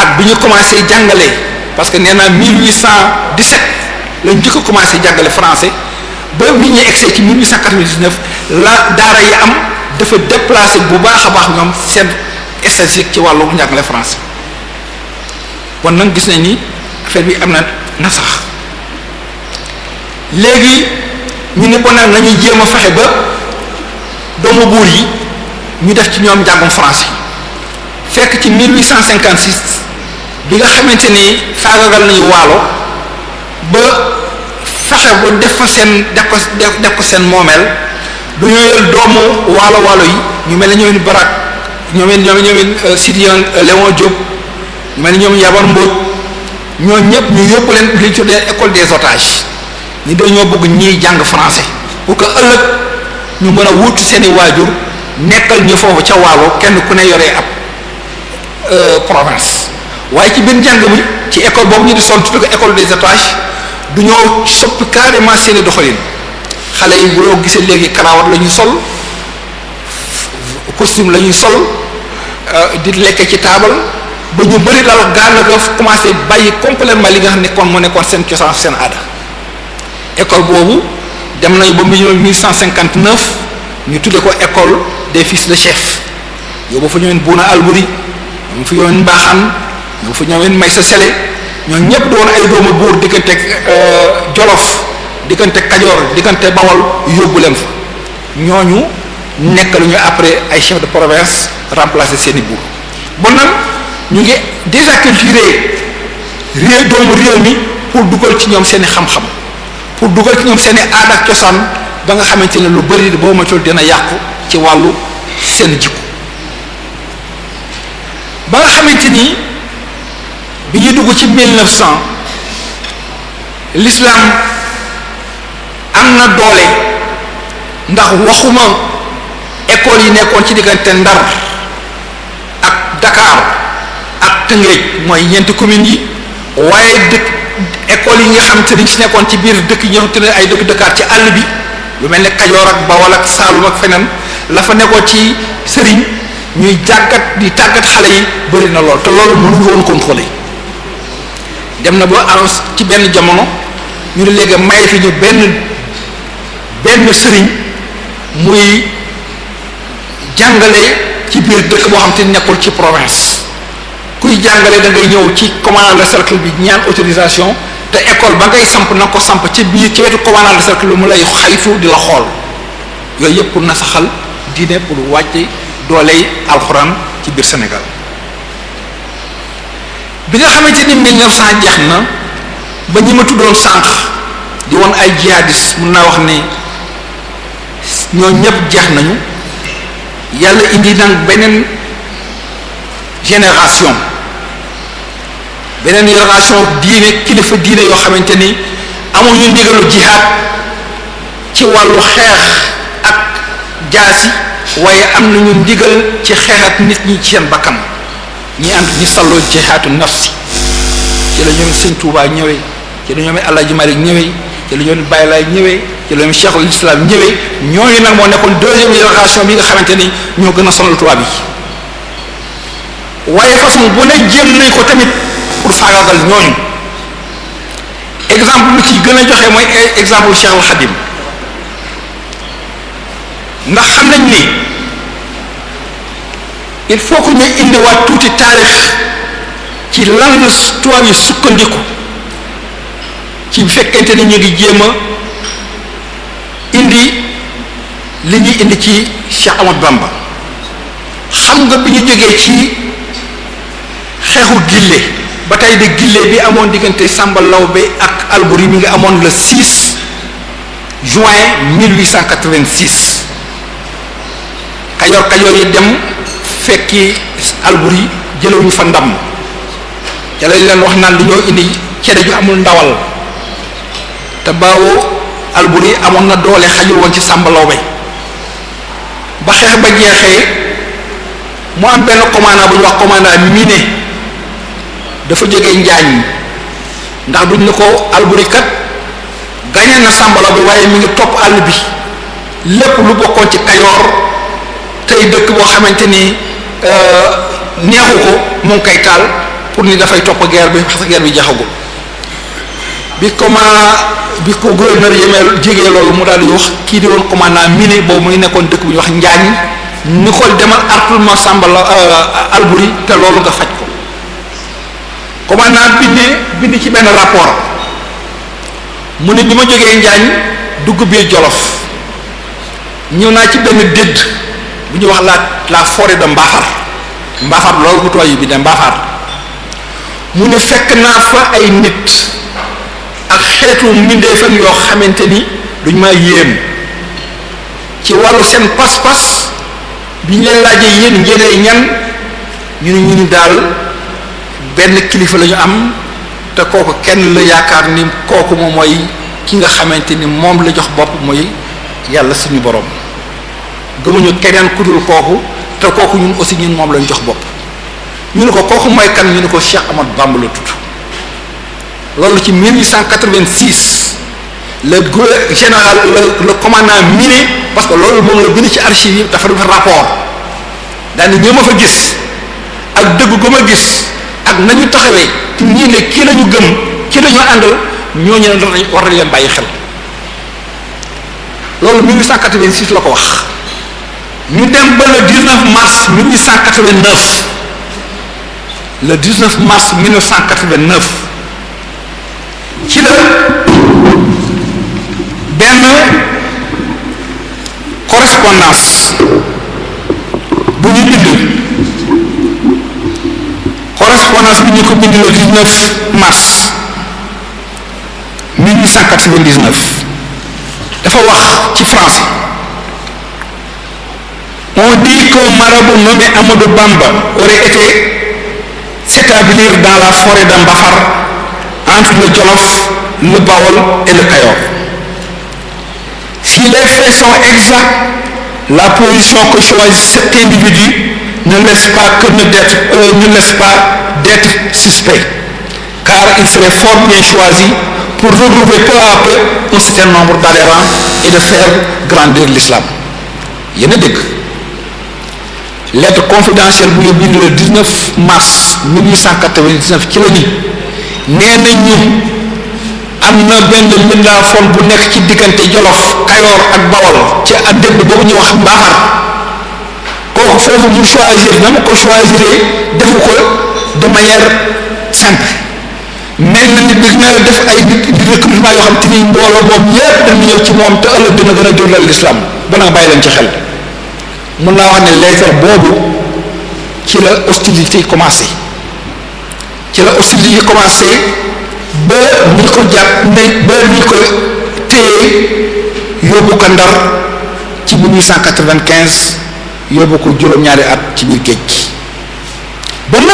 [SPEAKER 2] ak bi ñu commencé jàngale parce que nee naa 1817 lañ jëkk a commencé jàngale français ba bi ñuy egsee ci 1899 la daara yi am dafa déplacé bu baax a baax ñoom seen statistique ci wàllu njàngale france bon nag gis nañ ni affaire bi am na. na sax léegi ñu ne ko nag nañuy jéem a fexe ba doomu buur yi ñu def ci ñoom jàngoon français fekk ci 1856 bi nga xamante ni faagagal nañu waalo ba fexe ba def fa seen def ko def ko seen moomeel dañoo yël doomu waalo waalo yi ñu mel ne ñoom barak ñoom it ñoom it ñoom euh, it euh, Léon Diop ñu ñoom Yabar Mbodj ñoo ñëpp ñu yóbbu leen li ñu école des otages ñi dañoo bëgg ñiy jàng français pour que ëllëg ñu mën a wuutu seeni waajur nekkal ñu foofu ca waalo kenn ku ne yoree ab euh, province waaye ci biir njàng mi ci école boobu ñu di son tudde ko école des otages du ñoo soppi carrément seeni doxalin xale yi boo gisee léegi karawaat la ñuy sol costume la ñuy sol euh, di lekk ci taabal ba ñu bëri daal daanaka commencé bàyyi complètement li nga xam ne kon moo nekkoon seen cosaan seen aada école boobu dem nañu ba mille cent cinquante neuf ñu tuddee ko école des fils de chef yóbbu fa ñëween Bouna Albouri ñoom fa ñëween Mbaxaan ñoom fa ñëween sa Sele ñoo ñëpp doon ay doomu buur diggante euh, Jolof diggante Kajoor diggante Bawol yóbbu leen fa ñooñu nekk lu ñu après ay chef de province remplacer seeni buur bon ñu ngi désacculturé réew doomu réew mi pour dugal ci ñoom seeni i xam-xam pour dugal ci ñoom seeni i aada cosaan ba nga xamante ne lu bëri boo ma col dina yàqu ci wàllu seen jikko ba nga xamante ni bi ñu dugg ci mille neuf cent am na doole ndax waxuma école yi nekkoon ci diggante Ndar ak Dakar ak Tëngéej mooy ñeenti communes yi waaye dëkk écoles yi nga xam te dañ ci nekkoon ci biir dëkk yi nga ne ay dëkk dëkkaat ci àll bi lu mel ne Kajoor ak Bawol ak Saalum ak feneen la fa nekkoon ci sëriñ ñuy jàggat di tàggat xale yi bëri na lool te loolu mënu ko woon dem na ba annonce ci benn jamono ñu ne léegi may fi ñu benn benn sëriñ muy jàngale ci biir dëkk boo xam te nekkul ci province kuy jàngale da ngay ñëw ci commandant de cercle bi ñaan autorisation te école ba ngay samp na ko samp ci biir ci wetu commandant de cercle bi mu lay xaytu di la xool yooyu yëpp pour nasaxal diine pour wàcce dooley alxuraan ci biir Sénégal bi nga xamante ni 1900 jeex na ba ñi ma tuddoon sànq di woon ay jihadis mun naa wax ni ñoo ñëpp jeex nañu yàlla indi nag beneen génération beneen relation diine kilifa diine yoo xamante ni amuñu ndigalu jihaad ci wàllu xeex ak jaasi waaye am nañu ndigal ci xeex ak nit ñi ci seen bakkan ñi ànd ñu salloo jihaadu nafsi ci la ñoom sëñ Tuubaa ñëwee ci la ñoom Alaaji Maalik ñëwee ci la ñoom Baay Laay ñëwee ci la ñoom Cheikhul Islam ñëwee ñooñu nag moo nekkoon deuxième génération bi nga xamante ni ñoo gën a sonal tubaab yi waaye façon bu ne jéem nañ ko tamit. pour faagaagal ñooñu exemple ci gën a joxe mooy exemple Cheikh al Xadim ndax xam nañ ni il faut que ñu indiwaat tuuti taarix ci lan la histoire yi sukkandiku ci bu fekkente ni ñu ngi jéema indi li ñuy indi ci Cheikh Ahmad Bamba xam nga bi ñu jógee ci xeexu gille ba tey de gillee bi amoon diggante Samba Lawbe ak Albouri mi ngi amoon le 6 juin 1886 Kajoor Kajoor yi dem fekki Albouri jëlewuñu fa ndam ca leen wax naan dañoo indi cere ju amul ndawal te baawoo Albouri amoon na doole xajul woon ci Samba Lawbe ba xeex ba jeexee mu am benn commandant bu ñu wax commandant Miné. dafa jógee njaañ ndax duñ ne ko Alburi kat gañe na sàmbala bi waaye mi ngi topp àll bi lépp lu bokkoon ci Kajoor tey dëkk boo xamante ni euh, neexu ko mu ngi koy taal pour ni dafay topp guerre bi parce que guerre bi jaxagul bi comment bi ko gouverneur yemee jege loolu mu daal di wax kii di woon commandant mine boobu muy nekkoon dëkk bu ñuy wax njaañ ni ko demal artul ma sàmbala euh, Alburi te loolu nga faj commandant bi ne bind ci benn rapport mu ne bi ma jógee Njaañ dugg biir Jolof ñëw naa ci benn dédd bu ñuy wax laa laa forêt de Mbaxar Mbaxar loolu mu tooy bi de Mbaxar mu ne fekk naa fa ay nit ak xeetu mbindeefam yoo xamante ni duñ ma yéem ci wàllu seen pas-pas bi ñu leen laajee yéen ngeenee ñan ñu ne ñu ni daal benn kilifa la ñu am te kooku kenn la yaakaar ni kooku moom mooy ki nga xamante ni moom la jox bopp muy yàlla suñu borom gëmuñu keneen ku dul kooku te kooku ñun aussi ñun moom lañ jox bopp ñu ne ko kooku mooy kan ñu ne ko Cheikh Ahmad Bamba la tudd loolu ci cent 1886 le gouverneur général la le commandant miné parce que loolu moom la bind ci archives yi dafa def rapport daal ni ñoo ma fa gis ak dëgg gu ma gis ak nañu taxawee ñii ne kii lañu gëm kii lañu àndal ñooñu ne war nañ leen bàyyi xel loolu 1886 la ko wax ñu dem ba le 19 mars 1889 le 19 mars 1989 ci la benn correspondance ordonnance bi ñu ko bind le 19 mars dafa wax ci français on dit qu'un marabout nommé Amadou Bamba aurait été s'établir dans la forêt d'Ambafar entre le Jolof, le Baol et le Cayor. Si les faits sont exacts, la position que choisit cet ne laisse pas que ne d'être euh, ne laisse pas d'être suspect car il serait fort bien choisi pour regrouper peu à peu un certain nombre d'adhérents et de faire grandir l'islam yéen a dégg lettre confidentielle bu ñu bind le 19 mars ci la ñu nee nañ ñu am na benn mbindaafoon bu nekk ci diggante Jolof Kayoor ak Bawol ci addéb boobu ñu wax Mbaar kooku foofu mu choisir na mu ko choisir defu ko de manière simple mel na ni dina def ay di recrutement yoo xam te ni mbooloo boobu yépp dañu ñëw ci moom te ëllëg dina gën a dundal l'islam ba nga bàyyi leen ci xel mun naa wax ne lettre boobu ci la hostilité commencé ci la hostilité commencé ba ñu ko jàpp ne ba ko téye yóbbu ko ndar ci bu 1895 yóbbu ko juróom-ñaari at ci biir géej gi ba mën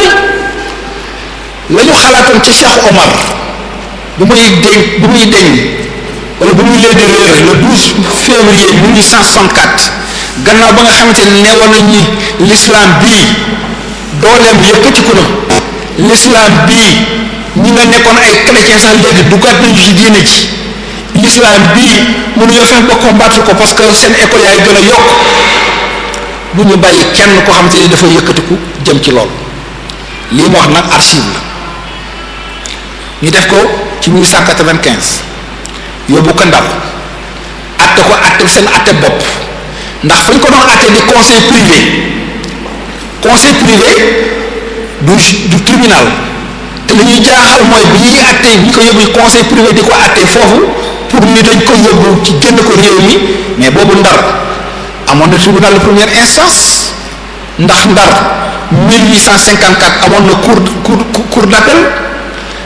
[SPEAKER 2] la ñu xalaatoon ci Cheikh Omar bu muy deñ bu muy deñ wala bu muy lee di réer le 12 février 1864 ba nga xamante ne newoon nañ ni l'islam bii dooleem yëkkatiku na l'islam bii ñi nga nekkoon ay chrétien sax léegi duggaat nañu ci diine ji mu bii mënuñoo fexe ba combattre ko parce que seen école yaay gën a yokk bu ñu bàyyi kenn ko xam te ni dafa ku jëm ci lool lii ma wax nag archive la ñu def ko ci cent 1895 yóbbu ko ndaw atte ko atte seen ate bopp ndax fu ñu ko doon atte di conseil privé conseil privé du du tribunal te li ñuy jaaxal mooy bi ñuy atte bi ñu ko yóbbu conseil privé di ko atte foofu pour ni dañ ko yóbbu ci génn ko réew mi mais boobu ndar amoon na tribunal la première instance ndax ndar 1854 amoon na cour cour cour d'appel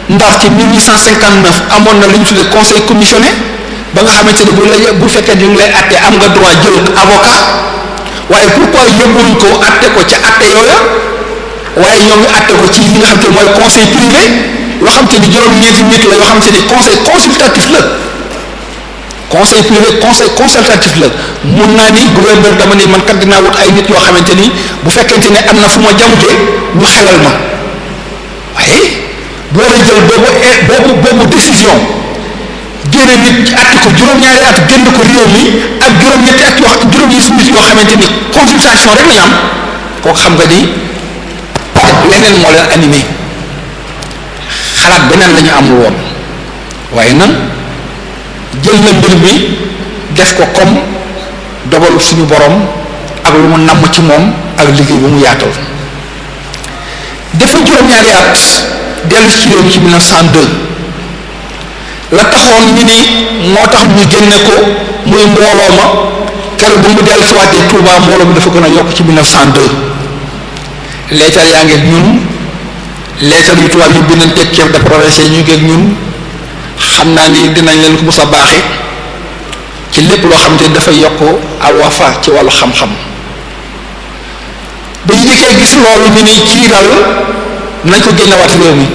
[SPEAKER 2] ndar ci 1859 amoon na lu ñu tuddee conseil commissionné ba nga xamante ne bu la bu fekkee ñu ngi lay àtte am nga droit jël avocat waaye ko àtte ko ci àtte yooya waaye ñoo ngi àtte ko ci li nga xam te ne mooy conseil privé yoo xam te ni juróom-ñeenti nit la yoo xam te ni conseil consultatif la. conseil privé conseil consultatif la mun naa ni gouverneur dama ni man kat dinaa wut ay nit yoo xamante ni bu fekkente ne am na fu ma jamutee ñu xelal ma waaye jël boobu eh, boobu boobu décision génne nit ci àtt ko juróom-ñaari at ko réew mi ak juróom-ñetti at yoo juróom yi nit yoo xamante ni consultation rek lañ am kooku xam nga ni leneen moo leen animé xalaat beneen lañu ñu amul woon waaye nag jël na mbir bi def ko comme dogalu suñu boroom ak lu mu namm ci moom ak liggéey bu mu yaatal dafa juróom-ñaari at dellu si yoon ci 1902 la taxoon ñu ni moo tax ñu génne ko muy mbooloo ma kër bu mu dellu si waatee Touba mbooloo mi dafa gën a yokk ci 1902 leetar yaa ngeeg ñun leetar yu tubaab yi bindanteeg chef de province yi ñu ngeeg ñun xam naa ni dinañ leen ko mos a baaxee ci lépp loo xam te dafa yokk al wafa ci wàllu xam-xam ba ñu njëkkee gis loolu ñu ni kii dal nañ ko génnewaat réew mi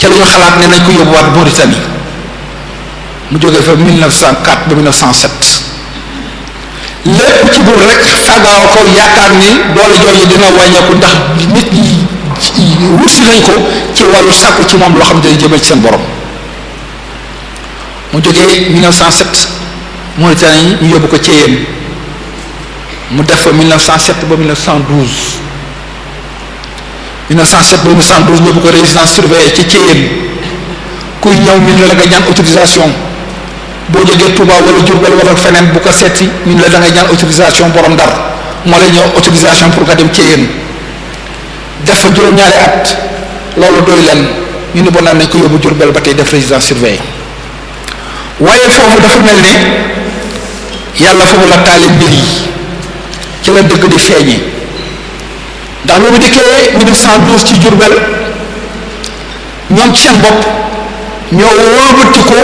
[SPEAKER 2] ca la ñu xalaat ne nañ ko yóbbuwaat Mauritanie mu jógee fa 1904 ba 1907 lépp ci bul rek fagaaw ko yaakaar ni doole jooju dina wàññeeku ndax nit ñi wut si nañ ko ci wàllu sàkku ci moom loo xam ne jëmee ci seen borom. mu jógee 1907 Mauritanie ñu yóbbu ko Thiéyène mu def fa 1907 ba 1912 1907 ba 1912 ñu yóbbu ko résidence surveillée ci Thiéyène kuy ñëw ñu ne la nga ñaan autorisation boo jógee Touba wala Diourbel wala feneen bu ko seeti ñu ne la da ñaan autorisation borom Ndar moo lay ñëw autorisation pour nga dem Thiéyène def fa juróom-ñaari at loolu doy leen ñu ne bon naan nañ ko yóbbu Diourbel ba tey def résidence surveillée. waaye foofu dafa mel ni yàlla foofu la taale mbir yi ci la dëgg di feeñe ndax bi mu dikkee 1912 ci Jurbel ñoom ci seen bopp ñoo wóobati ko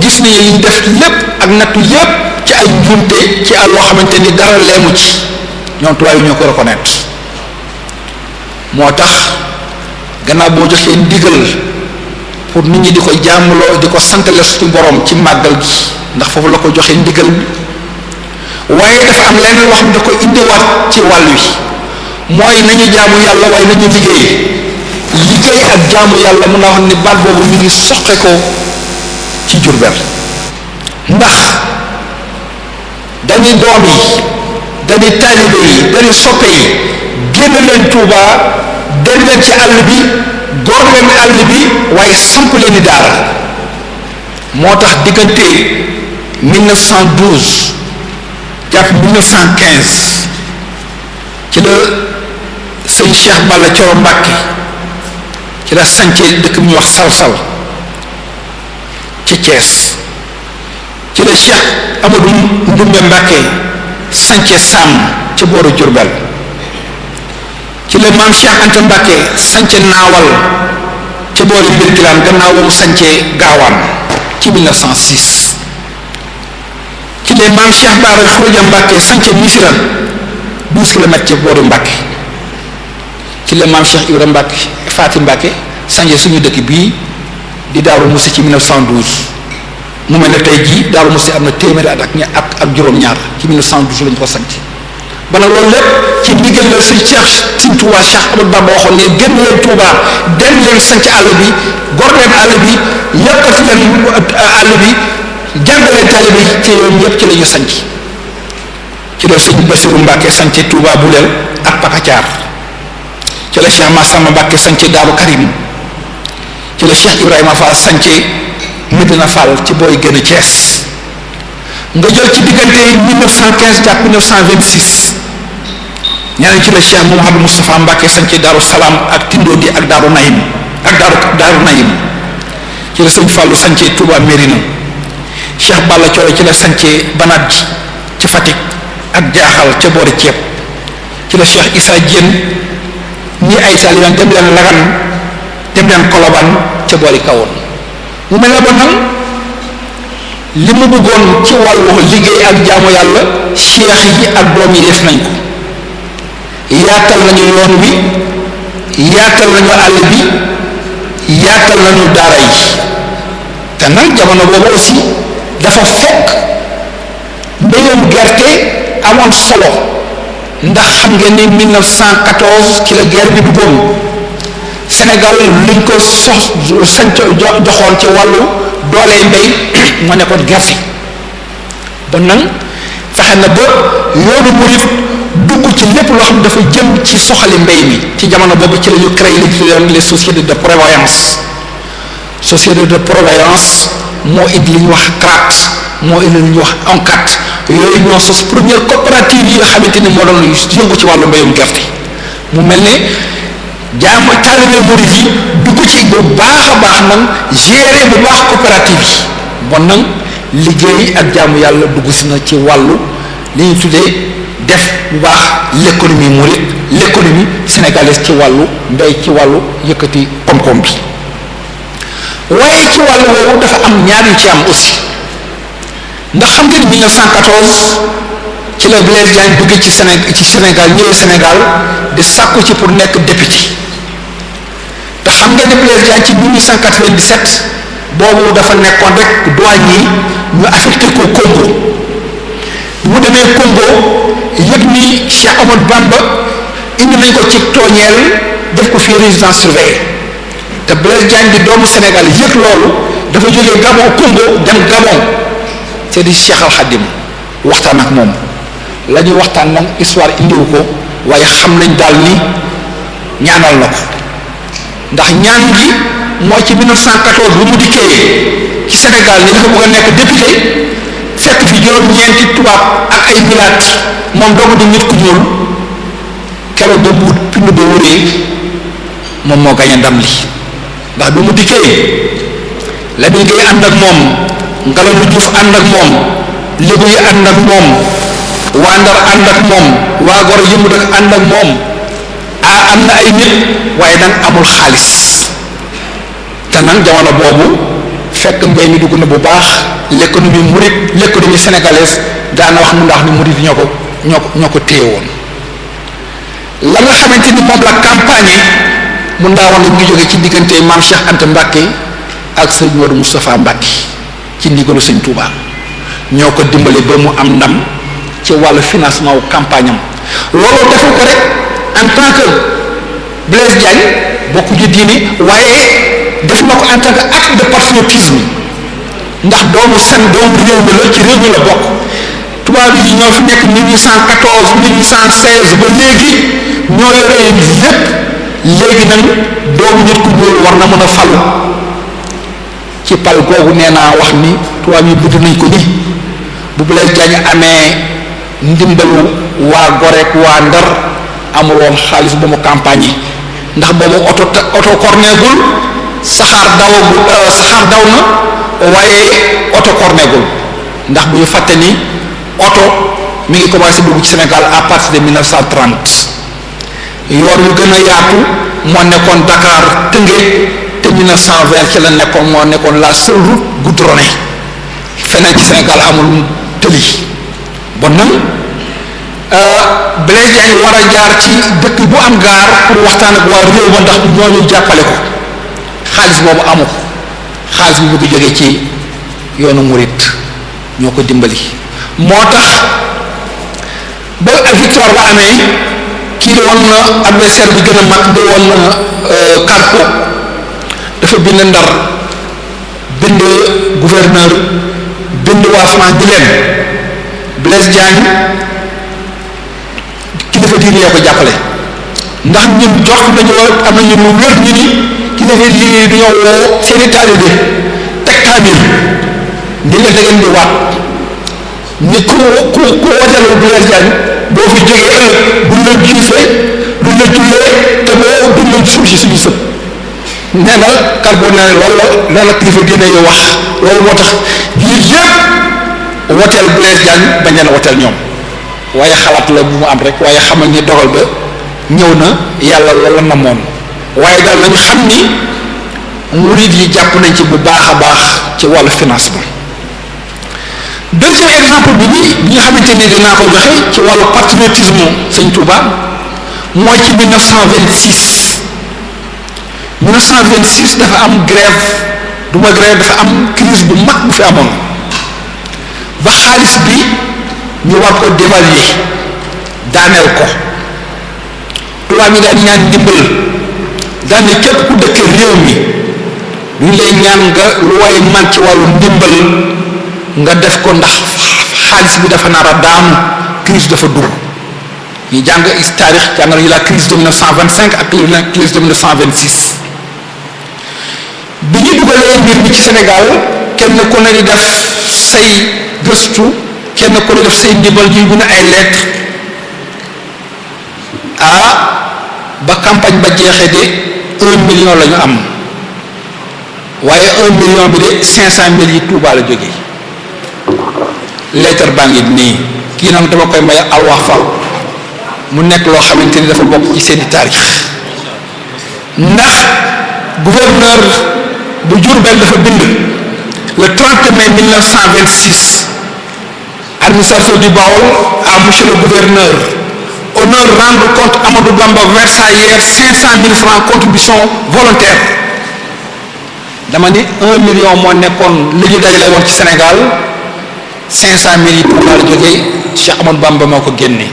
[SPEAKER 2] gis ne yi def lépp ak nattu yépp ci ay njuumte ci àll loo xamante ni dara leemu ci ñoom tubaab yi ñoo ko reconnaître moo tax gannaaw boo jox joxee ndigal pour nit ñi di ko jaamuloo di ko santale suñu borom ci màggal gi ndax foofu la ko joxe ndigal waaye dafa am leneen loo xam ko indiwaat ci wàll wi mooy nañu jaamu yàlla waaye nañu liggéey liggéey ak jaamu yàlla mun na wax ni baat boobu mi ngi soqe ko ci Jurbel ndax dañuy doom yi dani taalibe yi dani soppe yi génn leen Touba dem leen ci àll bi góor leen àll bi waaye samp leen i daara moo tax diggante 1912 jàpp 1915 ci la sëñ Cheikh Balla Coro Mbàkke ci la sancee dëkk bi ñuy wax sal Salsal ci Thiès ci la Cheikh Amadou Ndumbe Mbàkke sànce sàmm ca booru Jurbel ci la maam Cheikh Anta Mbàkke sànce naawal ca booru Birkilaan gannaaw ba mu sànce gaawaan ci 1906 ci la maam Cheikh Baara Xuruja Mbàkke sànce Misira 12 ca booru Mbàkke ci la maam Cheikh Ibra Mbàkke Faati Mbàkke sànce suñu dëkk bii di Daaru Musi ci 1912 mu mel na tey jii Daaru Musti am na téeméeri at ak ña ak juróom-ñaar ci 1912 lañ ko sanc ba lool loolu lépp ci ndigal la sëñ Cheikh sëñ Touba Cheikh Amadou Bamba waxoon ne sanc àll bi gor àll bi yëkkati euh, bi jàngalee taalibe sanc ci la sëñ Bassirou Touba Boulel ak Pakacaar ci la Cheikh Massamba Mbacke sanc Daaru Karim ci la Cheikh Ibrahima Fall sanc Médina Fall ci booy génn Thiès nga jël ci diggante 1915 jàpp 1926 ñeneen ci la Cheikh Mouhamadou Moustapha Mbacke sañ ci Daaru Salaam ak Tindodi ak Daaru Nahim ak Daaru Daaru Nahim ci la sëñ Fallou sañ ci Touba Mérina Cheikh Balla ci la sañ Banaat ji ci Fatick ak Jaaxal ca boori ceeb ci la Cheikh Issa Diène ñi ay taalibeem dem leen Lagan dem leen Koloban ca boori Kawoon. mu mel ne li mu bëggoon ci wàllu liggéey ak jaamu yàlla seex yi ak doom yi def nañ ko yaatal nañu yoon bi yaatal nañu àll bi yaatal nañu daara yi te nag jamono boobu aussi dafa fekk mbéyum gerte amoon solo ndax xam nga ni 1914 ci la guerre bi duggoon Sénégal luñ ko sox sañ joxoon ci wàllu doolee mbay moo nekkoon gerte bon nag fexe na ba yoonu murit dugg ci lépp loo xam dafa jëm ci soxali mbay mi ci jamono boobu ci la ñu créé li ñu les sociétés de prévoyance société de prévoyance moo indi li ñu wax CRAT moo indi li ñu wax ONCAT yooyu ñoo sos première coopérative yi nga xamante ni moo doon yëngu ci wàllu mbayum gerte mu mel ne jaa mooy taalibe murid yi dugg ci bu baax a baax nag gérer bu baax coopérative yi bon nag liggéey ak jaamu yàlla dugg si na ci wàllu li ñu tuddee def bu baax l'économie murid l'économie sénégalaise ci wàllu mbay ci wàllu yëkkati koom-koom bi waaye ci wàllu woowu dafa am ñaar yu ci am aussi ndax xam ngeen 1914 ci la beneen Diagne dugg ci Sénégal ci Sénégal ñëwee Sénégal di sàkku ci pour nekk député xam ngeen ne président ci 1897 boobu dafa nekkoon rek douane yi ñu affecté ko Congo mu demee Congo yëg ni Cheikh Ahmadou ba indi nañ ko ci tooñeel def ko fi résidence surveillée te Blaise Diagne bi doomu Sénégal yëg loolu dafa jógee Gabon Congo dem Gabon c'est di Cheikh Al waxtaan ak moom la waxtaan nag histoire indiwu ko waaye xam nañ daal ni ñaanal na ko ndax ñaan gi mooy ci 1914 bu mu dikkee ci Sénégal la dafa bëgg a nekk député fekk fi juróom-ñeenti tubaab ak ay milaat moom doogu di nit ku ñuul keroog ba mu pind ba wëree moom moo gañ a ndam li ndax bi mu dikkee Lamine Gueye ànd ak moom Ngalandou Diouf ànd ak moom Lébu yi ànd ak moom waa Ndar ànd ak moom waa Gor yëngu dëkk ànd ak moom daa am na ay nit waaye nag amul xaalis te nag jamono boobu fekk mbay mi dugg na bu baax l'économie mouride l'économie sénégalaise daana wax mu ndax ni mouride ñoo ko ñoo ko ñoo ko téye woon la nga xamante ni moom la campagne mun mu ndaawoon la ngi jóge ci diggante maam Cheikh Anta Mbacke ak sëñ Modou Moustapha Mbacke ci ndigalu sëñ Touba ñoo ko dimbali ba mu am ndam ci wàll financement wu campagne am ko rek en tant que Blaise Diagne bokku ci diine waaye def na ko en tant que acte de patriotisme ndax doomu sen doomu réew mi la ci réew mi la bokk tubaab yi ñoo fi nekk 1814 1816 ba léegi ñoo yore lépp léegi nag doomu nit ku ñuul war na mën a falu ci pal googu nee naa wax ni tubaab yi bëgg nañ ko ni bu Blaise Diagne amee ndimbalu waa Gorée ak waa Ndar amul woon xaalis bu mu campagne ndax boobu oto oto korneegul saxaar dawagul euh, saxaar daw na waaye oto korneegul ndax bu ñu fàtte ni oto mi ngi commencé dugg ci Sénégal à partir de 1930 yoon yu gën a yaatu moo nekkoon Dakar Tëngéej te 1920 ci la nekkoon moo nekkoon la seule route goudronnée feneen ci Sénégal amul tëli bon nag. Euh, Blaise Diagne war a jaar ci dëkk bu am gaar pour waxtaan ak waa réew ba ndax ñoo ñu jàppale ko xaalis boobu amu xaalis bi bëgg jógee ci yoonu murit ñoo ko dimbali moo tax ba victoire ba amee kii di woon adversaire bi gën a mag di woon euh, Carpo dafa bind ndar bind gouverneur bind waa France bi leen Blaise Diagne fakir yi ñoo ko jàppale ndax ñun jox nañu am nañu lu wér ñu ni kilifa yi dañoo woo seen i taalibe teg kaamil ngir ne da ngeen di waat ni ku ku ku woteelu bu leer jaan boo fi jógee buñ la jullee te boo du la suuf si suñu sëb nee na carbone nee loolu la loolu la kilifa diine yi wax loolu moo tax biir yëpp woteel bu leer jaan bañ leen ñoom. waaye xalaat la bu mu am rek waaye xamal ni dogal ba ñëw na yàlla la la namoon waaye daal dañu xam ni murid yi jàpp nañ ci bu baax a baax ci wàllu finance bi deuxième exemple bi nii bi nga xamante ni dinaa ko joxe ci wàllu patriotisme sëñ Touba mooy ci 1926 1926 dafa am grève du ma dafa am crise bu mag bu fi amoon ba xaalis bi. ñu war ko dévaluer daaneel ko waa mi daan ñaan ndimbal daane képp ku dëkk réew mi ñu lay ñaan nga lu waay man ci wàllu ndimbal nga def ko ndax xaalis bi dafa nar a daanu crise dafa dugg ñu jàng taarix jàngal ñu la crise de 1925 ak la crise de 1926 bi ñu dugalee mbir mi ci Sénégal kenn ku ne di def say gëstu kenn ko ne def say ndimbal ñuy bind ay lettre ah ba campagne ba jeexee de million lañu am waaye un million bi de cinq cent mille yi Touba la jógee lettre baa ngi nii kii nag dama koy may al Wafa mu nekk loo xamante ni dafa bokk ci seeni taarix ndax gouverneur bu Diourbel dafa bind le 30 mai 1926. administration du Baol à monsieur le gouverneur honneur rendre compte Amadou Bamba versé hier 500 000 francs contribution volontaire dama di 1 million moo nekkoon li ñu lay wax ci Sénégal 500 000 yi pour daal jógee Cheikh Amadou Bamba moo ko génne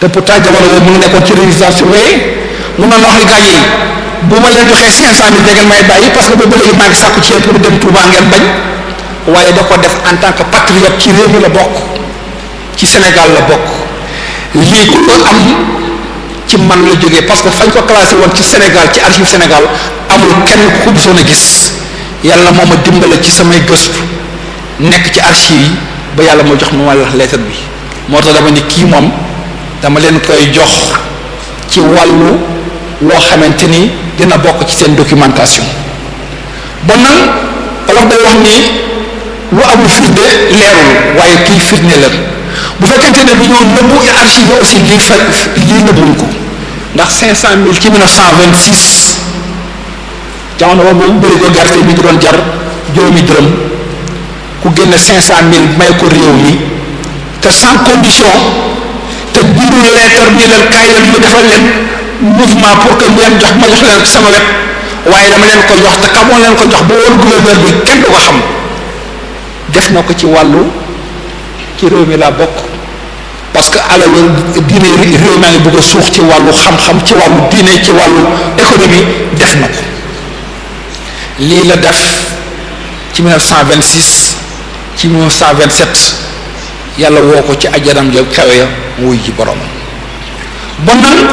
[SPEAKER 2] te pourtant jamono mu ngi nekkoon ci résidence surveillée mu noonu wax li yi bu ma leen joxee 500 000 da ngeen may bàyyi parce que boobu ba léegi maa ngi sàkku ci yéen pour dem Touba ngeen bañ. waaye da ko def en tant que patriote ci réew mi la bokk ci Sénégal la bokk lii ku ko am ci man la jógee parce que fañ ko classé woon ci Sénégal ci archive Sénégal amul kenn ku soon a gis yàlla moo ma dimbale ci samay gëstu nekk ci archive yi ba yàlla ma jox mu wàllax lettre bi moo tax dama ni kii moom dama leen koy jox ci wàllu loo xamante ni dina bokk ci seen documentation bon nag olof day wax ni lu amul firnde leerul waaye kii firnde la bu fekkente ne dañoo nëbbu archive aussi lii fa lii nëbbuñ ko ndax 500000 ci 1926 jamono boobu moom bëri ko gerte bi doon jar juróomi dërëm ku génne 500000 may ko réew mi te san condition te bindu leetar ni leen kaay leen mu defal leen mouvement pour que ngeen jox ma jox leen sama wet waaye dama leen ko jox te kamoon leen ko jox ba woon gouverneur bi kenn du ko xam. def na ko ci wàllu ci réew mi laa bokk parce que alal diine réew maa ngi bëgg suux ci wàllu xam-xam ci wàllu diine ci wàllu économie def na ko lii la def ci 1926 ci 1927 yàlla woo ko ci ajanam ja kawe ya wuy ji borom bon nag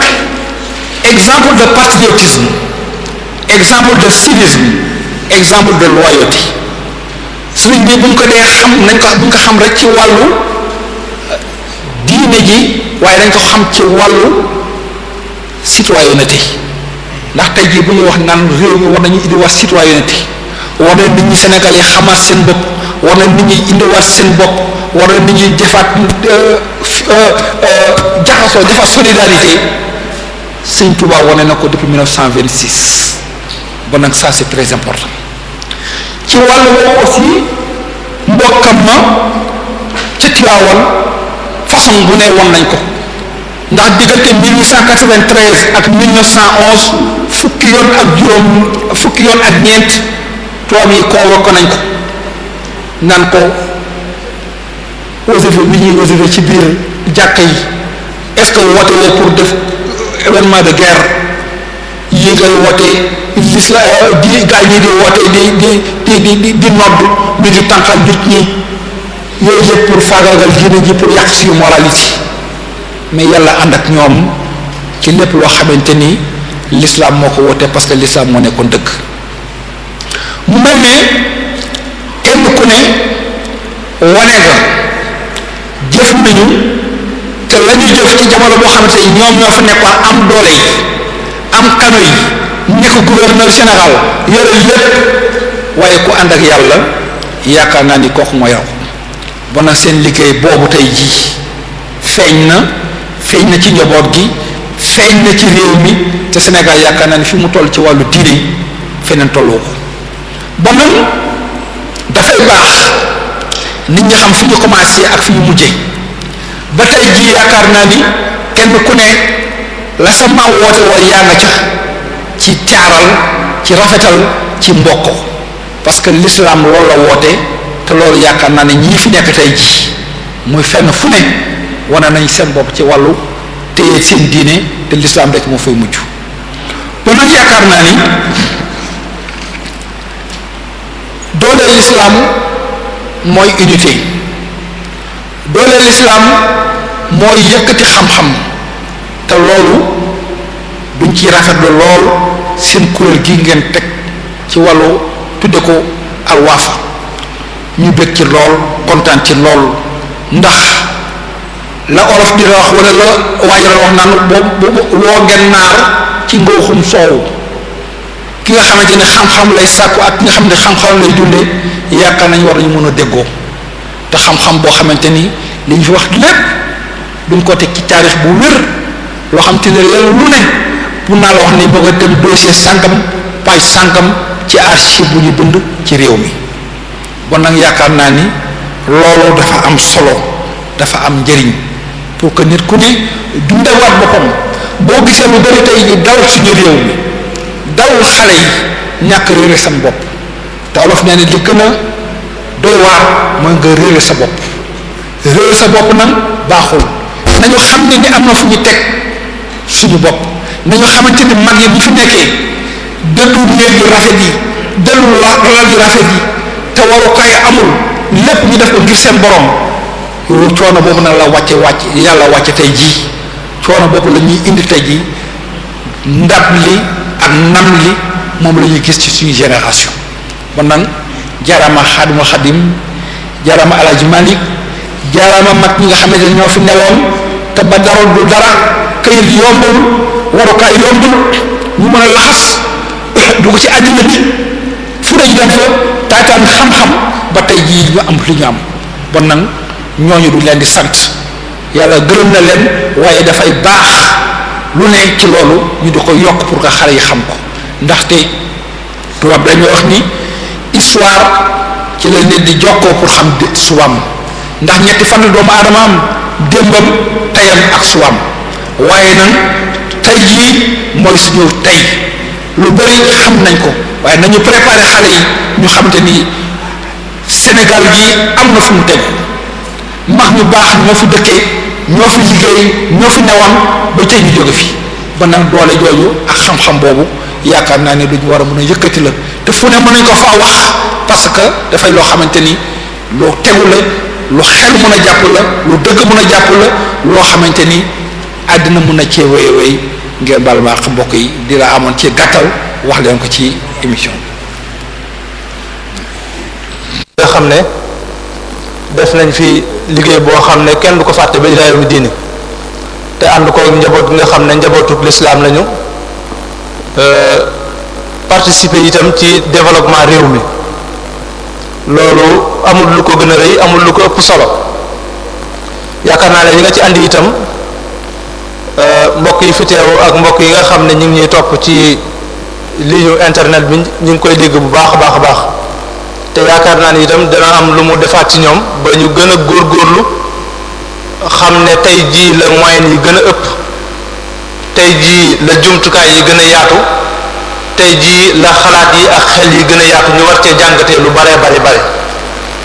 [SPEAKER 2] exemple de patriotisme exemple de civisme exemple de loyauté sëriñ bi buñ ko dee xam nañ ko buñ ko xam rek ci wàllu euh, diine ji waaye dañ ko xam ci wàllu citoyenneté ndax tey jii bu ñuy wax naan réew mi war nañu indiwaat citoyenneté war na nit ñi Sénégal yi xamaat seen bopp war na nit ñi indiwaat seen bopp war na nit defaat euh, euh, jaxasoo defaat solidarité sëñ Touba wane na ko depuis 1926 bon nag ça c'est très important ci wàllu woowu aussi. mbokkam ma ca Tiwaawan façon bu ne won nañ ko ndax diggante 1893 ak 1911 fukki yoon ak juróom fukki yoon ak ñeent tubaab yi convoqué nañ ko naan ko wasifa bi ñuy wasifa ci biir jàkk yi est-ce que woote la pour def événement de guerre yi ngay lisla eh, di gaa ñi di woote di di di di di di nodd ñu di tànqal jut ñi yooyu yëpp pour faagaagal diine ji pour yàq suñu moralité mais yàlla ànd ak ñoom ci lépp loo xamante ni l'islam moo ko woote parce que l'islam moo nekkoon dëgg mu mel ne kenn ku ne wane jëf nañu te la ñu jëf ci jamono boo xamante ni ñoom ñoo fa nekkoon am doole yi am kano yi ni ko gouverneur général yore lépp waaye ku ànd ak yàlla yaakaar naa ni kooku moo yor ba nag seen liggéey boobu tey jii feeñ na feeñ na ci njaboot gi feeñ na ci réew mi te Sénégal yaakaar naa ni fi mu toll ci wàllu diine feneen tolloo ko ba nag dafay baax nit ñi xam fi ñu commencé ak fi ñu mujje ba tey jii yaakaar naa ni kenn ku ne la sa maam woote woon yaa ca ci taaral ci rafetal ci mbokk parce que l'islam loolu la woote te loolu yaakaar naa ne ñi fi nekk tey jii muy fenn fu ne wane nañ seen bopp ci wàllu téye seen diine te l'islam rek moo fay mujj kon nag yaakaar naa ni doole l'islam mooy unité doole l'islam mooy yëkkati xam-xam te loolu duñ ci rafetlu lool seen kuréel gi ngeen teg ci wàllu tudd ko Al Wafa ñu bëgg ci lool kontaan ci lool ndax la olof di la wax wala la waajal wax naan boo woo ngeen naar ci ngooxum soow ki nga xamante ne xam-xam lay sàkku ak ki nga xam ne xam-xam lay dundee yaakaar nañ war nañu mën a déggoo te xam-xam boo xamante ni li ñu fi wax lépp duñ ko teg ci taarix bu wér loo xam te ne lu ne. pour naa la wax ni boo nga dem dossier sàngam page sànkam ci archive bu ñu bund ci réew mi bon nag yaakaar naa ni loolu dafa am solo dafa am njëriñ pour que nit ku ne dundewaat boppam boo gisee lu bari tey ñu daw suñu réew mi dawul xale yi ñàkk réere sam bopp te olof nee ne li gën a doy waar mooy nga réere sa bopp réere sa bopp nag baaxul nañu xam ne ni am na fu ñu teg suñu bopp dañoo xamante ni mag yi bu fi nekkee dëllul néeg yu rafet yi dëllul la lal yu rafet yi te warukaay amul lépp ñu def ko ngir seen borom loolu coono boobu nag la wàcce wàcc yàlla wàcce tey jii coono boobu la ñuy indi tey jii ndab li ak nam li moom la ñuy gis ci suñu génération kon nag jaaraama xaadimu xadim jaaraama alaji malik jaaraama mag ñi nga xamante ne ñoo fi newoon te ba darul du dara këyit yombul warukaay yombul mu mën a laxas dugg ci àddina bi fu dañu dem taataan xam-xam ba tey jii ñu am li ñu am bon nag ñooñu du leen di sant yàlla gërëm na leen waaye dafay baax lu ne ci loolu ñu di ko yokk pour que xare yi xam ko ndaxte tubaab dañuy wax ni histoire ci la nit di jokkoo pour xam suwam ndax ñetti fan doomu aadama am démbam tayam ak suwam waaye nag tey jii mooy suñu tey lu bëri xam nañ ko waaye nañu préparé xale yi ñu xamante ni Sénégal gi am na fu mu teg max ñu baax ñoo fi dëkkee ñoo fi liggéey ñoo fi newoon ba tey ñu jóge fi ba nag doole jooju ak xam-xam boobu yaakaar naa ne duñu war a mun a yëkkati la te fu ne mën nañ ko faa wax parce que dafay loo xamante ni loo tegu la lu xel mën a jàpp la lu dëgg mën a jàpp la loo xamante ni àddina mën a cee wéy wéy ngeen bal mbokk yi di la amoon ci gàttal wax leen ko ci émission bi nga xam ne def nañ fi liggéey boo xam ne kenn du ko fàtte ba ilaa yawmi diini te ànd ko njaboot bi nga xam ne njabootuk lislaam lañu euh, participer itam ci développement réew mi loolu amul lu ko gën a rëy amul lu ko ëpp solo yaakaar naa ne ñi nga ci andi itam mbokk yi fi ak mbokk yi nga xam ne ñu ngi ñuy topp ci ligne internet bi ñu ngi koy dégg bu baax a baax a baax te yaakaar naa ni itam dana am lu mu defaat ci ñoom ba ñu gën a góorgóorlu xam ne tey jii la moyen yi gën a ëpp tey jii la jumtukaay yi gën a yaatu tey jii la xalaat yi ak xel yi gën a yaatu ñu war cee jàngatee lu bare bare bare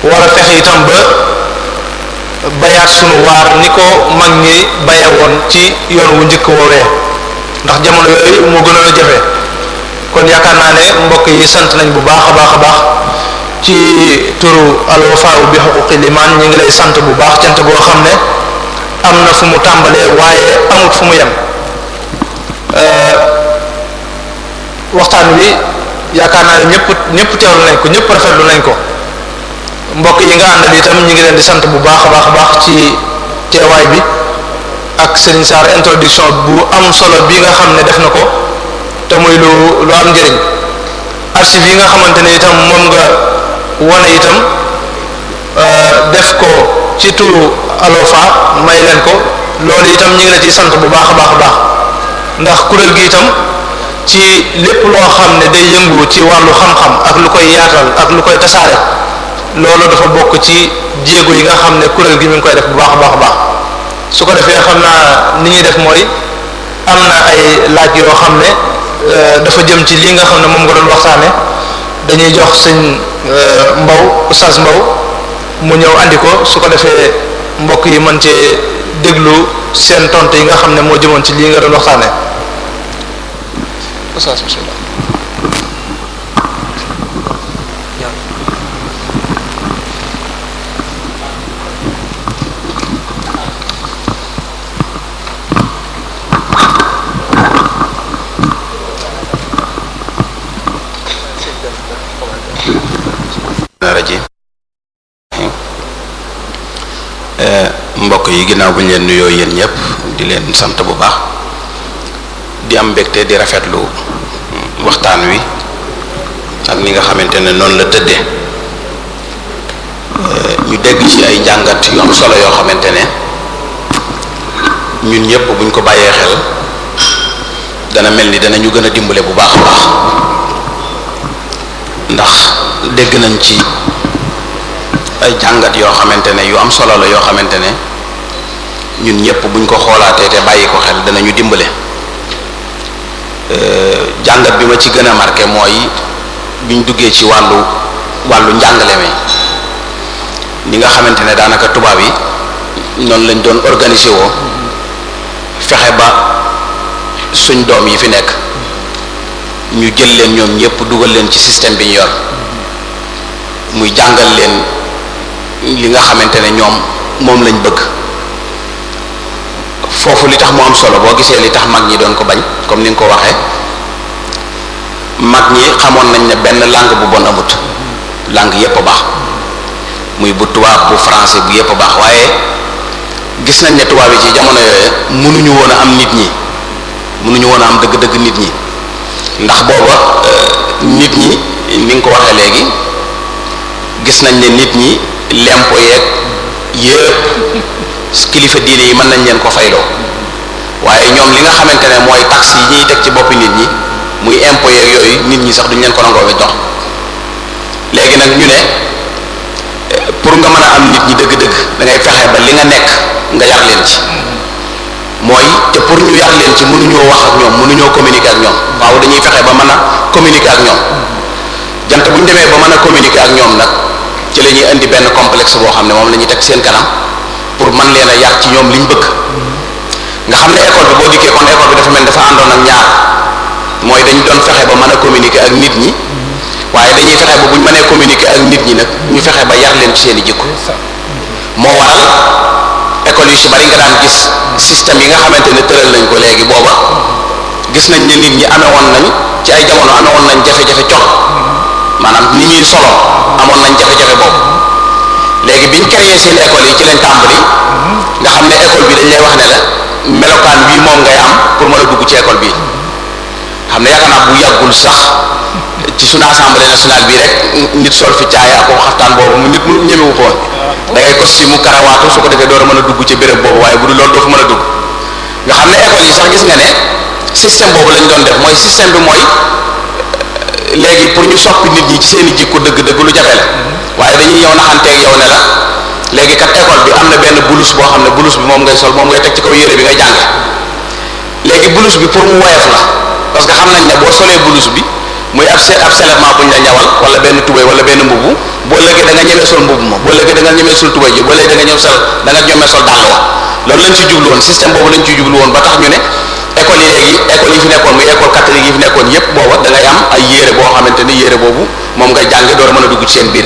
[SPEAKER 2] war a fexe itam ba. bayaat sunu waar ni ko mag ñi baye woon ci yoon wu njëkk woowee ndax jamono yooyu moo gën a jafe kon yaakaar naa ne mbokk yi sant nañ bu baax a baax a baax ci turu Al Wafa bi xuquqil iman ñi ngi lay sant bu baax cant goo xam ne am na fu mu tàmbalee waaye amut fu mu yem euh, waxtaan wi yaakaar naa ne ñëpp ñëpp teewlu nañ ko ñëpp rafetlu nañ ko mbokk yi nga àndal itam ñu ngi leen di sant bu baax baax baax ci teewaay bi ak Serigne Sarr introduction bu am solo bi nga xam ne def na ko te muy lu lu am njëriñ archive yi nga xamante ne itam moom nga wane itam euh, def ko ci turu Alofa may leen ko loolu itam ñu ngi la ci sant bu baax a baax a baax
[SPEAKER 3] ndax kuréel gi itam ci lépp loo xam ne day yëngu ci wàllu xam-xam ak lu koy yaatal ak lu koy tasaare. loolu dafa bokk ci jéego yi nga xam
[SPEAKER 2] ne kuréel gi mi ngi koy def bu baax a baax a baax su ko defee xam naa ni ñuy def mooy am na ay laaj yoo xam ne euh, dafa jëm ci lii nga xam ne moom nga doon waxtaane dañuy jox sëñ euh, mbaw oustaz mbaw mu ñëw andi ko su ko defee mbokk yi mën cee déglu seen tontu yi nga xam ne moo jëmoon ci lii nga doon waxtaane
[SPEAKER 4] ginnaaw bu ñu leen nuyoo yéen ñëpp di leen sant bu baax
[SPEAKER 2] di am mbégte di rafetlu waxtaan wi ak ni nga xamante ne noonu la tëddee euh, ñu dégg ci ay njàngat solo yoo xamante ne ñun ñëpp buñ ko bàyyee xel
[SPEAKER 4] dana mel ni danañu gën a dimbale bu baax a baax ndax dégg nañ ci ay jàngat yoo xamante ne yu am
[SPEAKER 2] solo la yoo xamante ne. ñun ñëpp buñ ko xoolaatee te bàyyi ko xel danañu dimbale euh, jàngat bi ma ci gën a marqué mooy biñ duggee ci wàllu wàllu njàngale mi ni nga xamante ne daanaka tubaab yi noonu lañ doon organiser woo fexe ba suñ doom yi fi nekk ñu jël leen ñoom ñëpp dugal leen ci système bi ñu yor muy jàngal leen li nga xamante ne ñoom moom lañ bëgg foofu li tax mu am solo boo gisee li tax mag ñi doon ko bañ comme ni nga ko waxee mag ñi xamoon nañ ne benn langue bu bon amut langue yépp a baax muy bu tubaab bu français bu yépp a baax waaye gis nañ ne tubaab yi ci jamono yooyu mënuñu woon a am nit ñi mënuñu woon a am dëgg-dëgg nit ñi ndax booba euh, nit ñi ni nga ko waxee léegi gis nañ ne nit ñi lempo yeeg yépp kilifa diine yi mën nañ leen ko fayloo waaye ñoom li nga xamante ne mooy taxe yi ñuy teg ci boppi nit ñi muy impôt yooyu nit ñi sax duñ leen ko nangoo bi dox léegi nag ñu ne pour nga mën a am nit ñi dëgg-dëgg dangay fexe ba li nga nekk nga yar leen ci mooy te pour ñu yar leen ci mënuñoo wax ak ñoom mënuñoo communiquer ak ñoom waaw dañuy fexe ba mën a communiquer ak ñoom jant bu ñu demee ba mën a communiquer ak ñoom nag ci la ñuy indi benn complexe boo xam ne moom la ñuy teg seen kanam pour man leen a yar ci ñoom liñ bëgg nga xam ne école bi boo dikkee kon école bi dafa mel dafa àndoon ak ñaar mooy dañ doon fexe ba mën a communiquer ak nit ñi waaye dañuy fexe ba buñ mënee communiquer ak nit ñi nag ñu fexe ba yar leen ci seen i jikko moo waral école yu si bari nga daan gis système yi nga xamante ne tëral nañ ko léegi booba gis nañ ne nit ñi amewoon nañ ci ay jamono amewoon nañ jafe-jafe cox maanaam ni ñuy solo amoon nañ jafe-jafe boobu léegi biñ créé seen école yi ci lañ tàmbali nga xam ne école bi dañ lay wax ne la melokaan bii moom ngay am pour mën a dugg ci école bi xam ne yaakaar naa bu yàggul sax ci sunu assemblée nationale bi rek nit sol fi caaya ko xaftaan boobu mu nit mu ñemewu ko woon da ngay costume karawaatu su ko defee door mën a dugg ci béréb boobu waaye bu dul loolu doo fa mën a dugg nga xam ne école yi sax gis nga ne système boobu lañu doon def mooy système bi mooy léegi pour ñu soppi nit ñi ci seen jikko dëgg-dëgg lu jafe la waaye dañuy ñëw naxanteeg yow ne la léegi kat école bi am na benn blouse boo xam ne blouse bi moom ngay sol moom ngay teg ci kaw yére bi ngay jànge léegi blouse bi pour mu woyof la parce que xam nañ ne boo solee blouse bi muy ab se ab benn tubéy wala benn mbubu boo léegi da nga ñemee sol mbubu ma boo léegi da nga ñemee sol tubéy ji boo léegi da nga ñëw sol da nga sol dàll wa loolu lañ ci jublu woon système boobu lañ ci jublu woon ba tax ñu ne école yi léegi école yi fi nekkoon muy école catholique yi fi nekkoon yépp booba da ngay am ay yére boo xamante ni yére boobu moom ngay jànge door a a dugg ci seen biir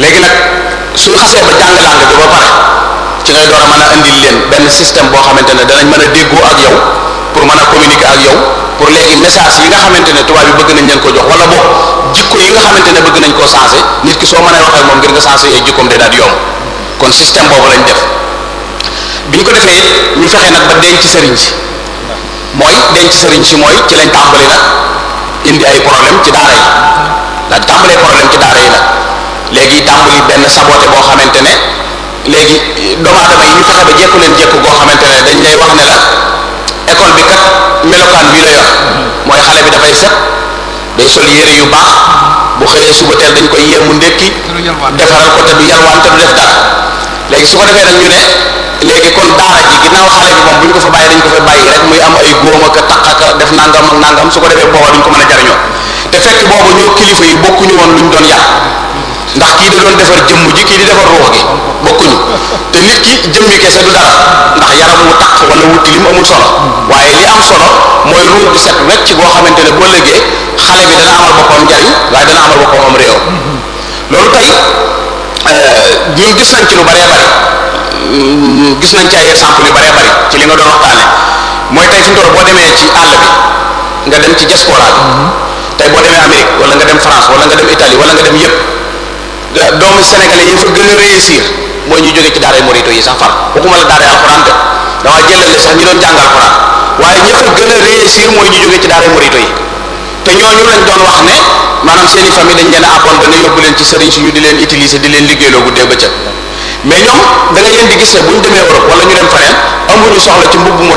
[SPEAKER 2] léegi nag suñ xasee ba jàng langue bi ba pare ci ngay door a mën a indil leen benn système boo xamante ne danañ mën a déggoo ak yow pour mën a communiqué ak yow pour léegi message yi nga xamante ne tubaab yi bëgg nañ leen ko jox wala boog jikko yi nga xamante ne bëgg nañ koo changé nit ki soo mënee waxee moom ngir nga changé ay jikkoom day daal di yomb kon système boobu lañ def bi ñu ko defee ñu fexe nag ba denc sëriñ si mooy denc sëriñ si mooy ci lañ tàmbali nag indi ay problème ci daara yi daal tàmbalee problème ci léegi tàmbali benn saboté boo xamante ne léegi doomu aadama yi ñu fexe ba jekku leen jekku boo xamante ne dañ lay wax ne la école bi kat melokaan bii la yor mooy xale bi dafay set day sol yére yu baax bu xëyee suba teel dañ koy yéemu ndékki defaral ko te du yalwaan te du def dara léegi su ko defee nag ñu ne léegi kon daara ji ginnaaw xale bi moom bu ñu ko fa bàyyi dañ ko fa bàyyi rek muy am ay góom ak taq ak def nangam ak nangam su ko defee booba duñ ko mën a jariñoo te fekk boobu kilifa yi bokkuñu woon luñ doon yar ndax kii da doon defar jëmm ji kii di defar ruux gi bokkuñu te nit ki jëmmi kese du dara ndax yaram wu taq wala wu tilim amul solo waaye li am solo mooy ruux bu set wecc boo xamante ne boo léegee xale bi dana amal boppam njariñ waaye dana amal boppam am réew loolu tey euh, ñun gis nañ ci lu baree bari mm, gis nañ ci ay exemple yu baree bari ci li nga doon waxtaane mooy tey fi mu boo demee ci àll bi nga dem ci diaspora bi mm-hmm. tey boo demee Amérique wala nga dem France wala nga dem Italie wala nga dem yëpp doomu sénégalais yi fa gën a réussir mooy ñu jóge ci daaray morito yi sax far waxuma la daaray alxuraan de dama jëlale sax ñu doon jàng alxuraan waaye ñi fa gën a réussir mooy ñu jóge ci daaray morito yi te ñooñu lañ doon wax ne maanaam seen i famille dañ leen a abandonné yóbbu leen ci sëriñ si di leen utiliser di leen liggéeyloo guddee bëccëg mais ñoom da nga leen di gis ne bu ñu demee Europe wala ñu dem feneen amuñu soxla ci mbubb mu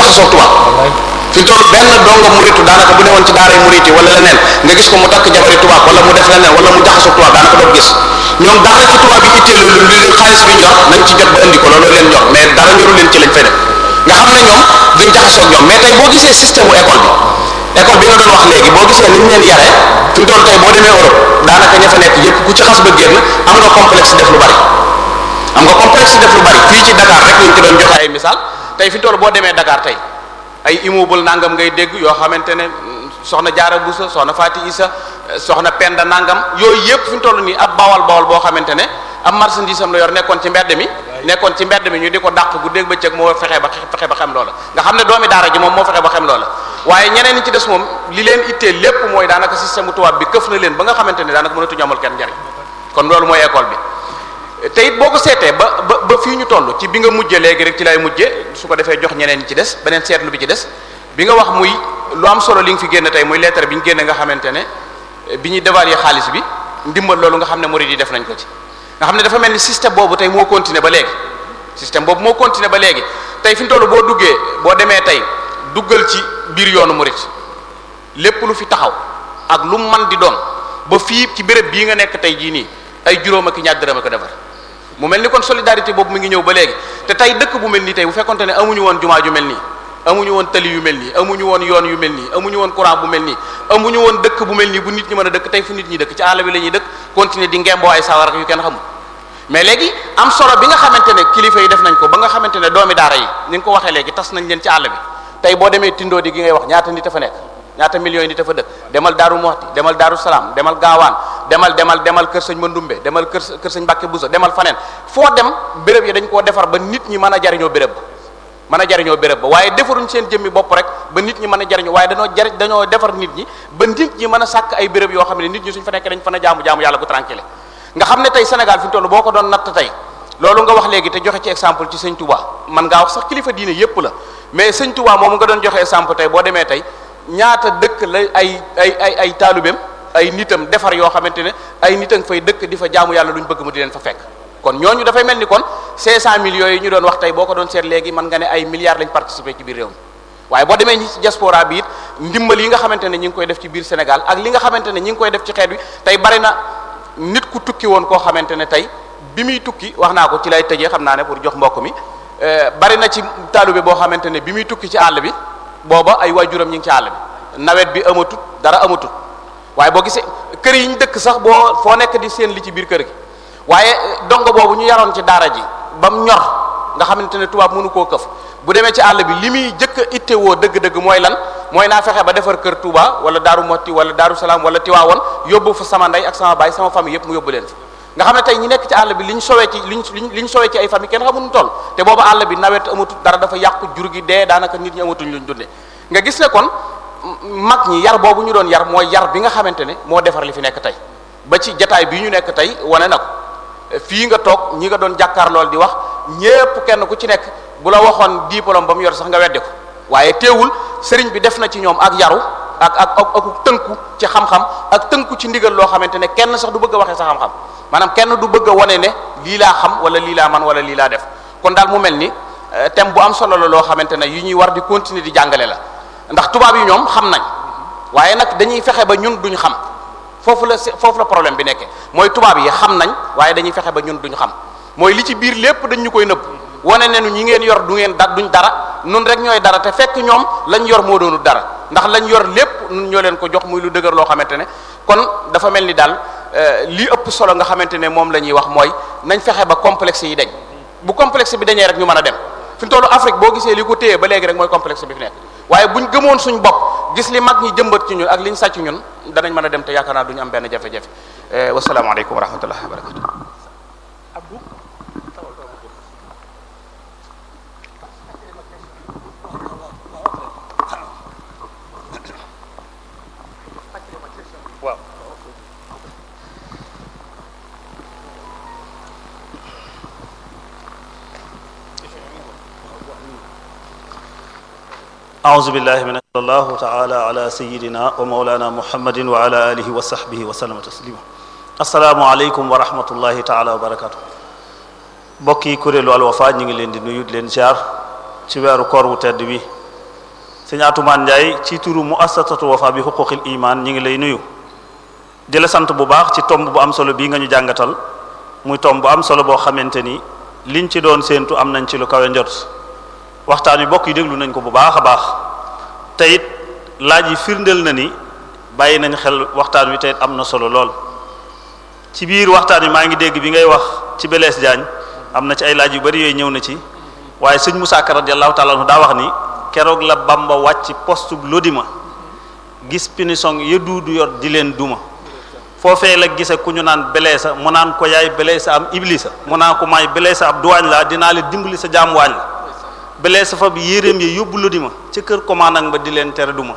[SPEAKER 2] rafet fi toll benn dongo muritu daanaka bu newoon ci daaray murit yi wala leneen nga gis ko mu takk jabari tubaab wala mu def leneen wala mu jaxasu tubaab daanaka doo gis ñoom dara xaalis bi ñor nañ ci jot ba indi ko loolu leen ñor mais leen ci lañ fay def nga mais tey boo gisee système bu école bi école bi doon wax léegi boo gisee ni ñu leen yaree fi mu toll demee Europe daanaka ña fa nekk yépp ku ci xas ba génn am na complexe def lu bari
[SPEAKER 4] am nga complexe
[SPEAKER 2] def lu bari fii ci Dakar rek ñu ci doon joxe
[SPEAKER 4] ay misaal tey fi toll boo demee Dakar
[SPEAKER 2] tey ay immeuble nangam ngay dégg yoo xamante ne soxna jaara busa soxna faati isa soxna penda nangam yooyu yëpp fi mu nii ab bawal bawal boo xamante ne ab marchandise am la yor nekkoon ci mbedd mi nekkoon ci mbedd mi ñu di ko dàq gu dégg ba cëg moo fexe ba fexe ba xam loola nga xam ne doomi daara ji moom moo fexe ba xam loola waaye ñeneen ñi ci des moom li leen ittee lépp mooy daanaka système tubaab bi këf na leen ba nga xamante ne daanaka mënatuñu amal kenn njariñ kon loolu mooy école te it boo ko seetee ba ba ba fii ñu toll ci bi nga mujjee léegi rek ci lay mujje su ko defee jox ñeneen ci des beneen seetlu bi ci des bi nga wax muy lu am solo li nga fi génn tey muy lettre bi ñu génn nga xamante ne bi ñuy dévaluer xaalis bi ndimbal loolu nga xam ne murid yi def nañ ko ci nga xam ne dafa mel ni système boobu tey moo continuer ba léegi système boobu moo continuer ba léegi tey fi ñu toll boo duggee boo demee tey duggal ci biir yoonu murid lépp lu fi taxaw ak lu man di doon ba fii ci béréb bii nga nekk tey jii nii ay juróom ak ñaar dërëm ak defar mu mel ni kon solidarité boobu mi ngi ñëw ba léegi te tey dëkk bu mel nii tey bu fekkonte ne amuñu woon jumaa ju mel nii amuñu woon tali yu mel nii amuñu woon yoon yu mel nii amuñu woon bu mel nii amuñu woon dëkk bu mel nii bu nit ñi mën a dëkk tey fu nit ñi dëkk ci àll bi lañuy ñuy dëkk continuer di ngemboo ay sawar ak yu kenn xamul mais léegi am solo bi nga xamante ne kilifa yi def nañ ko ba nga xamante ne doomi daara yi ni nga ko waxee léegi tas nañ leen ci àll bi tey boo demee tindoo di gi ngay ñaata nit a ñaata millions yi nit dafa dëkk demal daaru Moxti demal daaru salaam demal gaawaan demal demal demal kër sëñ Mandumbe demal kër kër sëñ Mbàkke Buso demal faneen foo dem béréb yi dañ koo defar ba nit ñi mën a jariñoo béréb ba mën a jariñoo béréb ba waaye defaruñ seen jëmmi bopp rek ba nit ñi mën a jariñoo waaye dañoo jari dañoo defar nit ñi ba nit ñi mën a sàkk ay béréb yoo xam ne nit ñi suñ fa nekkee dañ fa na jaamu jaamu yàlla gu tranquille nga xam ne tey Sénégal fi mu toll boo ko doon natt tey loolu nga wax léegi te joxe ci exemple ci sëñ Touba man ngaa wax sax kilifa diine yépp la mais sëñ Touba moom nga doon joxe exemple tey boo demee tey ñaata dëkk la ay ay ay ay taalubeem ay nitam defar yoo xamante ne ay nit a nga fay dëkk di fa jaamu yàlla lu ñu bëgg mu di leen fa fekk kon ñooñu dafay mel ni kon 500 million yi ñu doon wax tey boo ko doon seet léegi mën nga ne ay milliards lañ participé ci biir réew mi waaye boo demee ñi ci diaspora bi it ndimbal yi nga xamante ne ñi ngi koy def ci biir Sénégal ak li nga xamante ne ñi ngi koy def ci xeet wi tey bari na nit ku tukki woon koo xamante ne tey bi muy tukki wax naa ko ci lay xam naa ne pour jox mbokk mi euh, bari na ci taalube boo xamante ne bi muy tukki ci àll bi booba ay waajuram ñu ngi ci àll bi nawet bi amatu dara amatu waaye boo gisee kër yi ñu dëkk sax boo foo nekk di seen li ci biir kër gi waaye eh, dongo boobu ñu yaroon ci daara ji ba mu ñor nga xamante ne tubaab mënu koo këf bu demee ci àll bi li muy jëkk a ittewoo dëgg-dëgg mooy lan mooy naa fexe ba defar kër Touba wala Daaru Motti wala Daaru Salaam wala Tiwaawoon yóbbu fa sama ndey ak sama baay sama famille yëpp mu yóbbu leen fi nga xam ne tey ñi nekk ci àll bi li ñu soowee ci li liñ sowee ci ay famille kenn xamuñu toll te boobu àll bi nawet amatul dara dafa yàqu jur gi dee daanaka nit ñi amatuñ luñ dundee nga gis ne kon mag ñi yar boobu ñu doon yar mooy yar bi nga xamante ne moo defar li fi nekk tey ba ci jataay bi ñu nekk tey wane na ko fii nga toog ñi nga doon jàkkaar lool di wax ñépp kenn ku ci nekk bu la waxoon diplôme ba mu yor sax nga wedde ko waaye teewul sëriñ bi def na ci ñoom ak yaru ak ak ak tënku ci xam-xam ak tënku ci ndigal loo xamante ne kenn sax du bëgg a waxee sa xam-xam maanaam kenn du bëgg a wane ne lii laa xam wala lii laa man wala lii laa def kon daal mu mel ni euh, thème bu am solo la loo xamante ne yu ñuy war di continuer di jàngale la ndax tubaab yi ñoom xam nañ waaye nag dañuy fexe ba ñun duñ xam foofu la foofu la problème bi nekkee mooy tubaab yi xam nañ waaye dañuy fexe ba ñun duñ xam mooy li ci biir lépp dañ ñu koy nëbb wane ne nu ñi ngeen yor du ngeen da duñ dara nun rek ñooy dara te fekk ñoom lañ yor moo doonu dara ndax lañ yor lépp nun ñoo leen ko jox muy lu dëgër loo xamante ne kon dafa mel ni daal euh, li ëpp solo nga xamante ne moom la ñuy wax mooy nañ fexe ba complexe yi dañ bu complexe bi dañee rek ñu mën a dem fi mu tollu Afrique boo gisee li ko téye ba léegi rek mooy complexe bi fi nekk waaye buñ gëmoon suñ bopp gis li mag ñi jëmbat ci ñun ak ñu sàcc ñun danañ mën a dem te yaakaar naa duñu am benn jafe-jafe euh, wasalaamaaleykum wa
[SPEAKER 3] أعوذ بالله من الله تعالى على سيدنا ومولانا محمد وعلى آله وصحبه وسلم تسليما assalaamu aleykum wa rahmatullahi taala wa barakatu mbokk yi kuréelu Al Wafa ñu ngi leen di nuyu di leen ziar ci weeru koor wu tedd bi sëñ Atumaan Njaay ci turu muassasatu Wafa bi xuquqil iman ñu ngi lay nuyu di la sant bu baax ci tomb bu am solo bii nga ñu jàngatal muy tomb bu am solo boo xamante ni liñ ci doon séentu am nañ ci lu kawe njot waxtaan wi bokk yi déglu nañ ko bu baax a baax te laaj yi firndeel na ni bàyyi nañ xel waxtaan wi te am na solo lool ci biir waxtaan wi maa ngi dégg bi ngay wax ci Blaise Diagne am na ci ay laaj yu bari yooyu ñëw na ci waaye sëñ Moussa Ka radiyallahu taala daa wax ni keroog la Bamba wàcc poste bu Lodima gis pinisong ya duudu yor di leen duma foofee la gise ku ñu naan Blaise mu naan ko yaay Blaise am iblisa mu naan ko maay Blaise ab duwaañ laa dinaa la dimbali sa jaam balee sa fab yéreem ya yóbbu la di ma ca kër commandant ma di leen tere du ma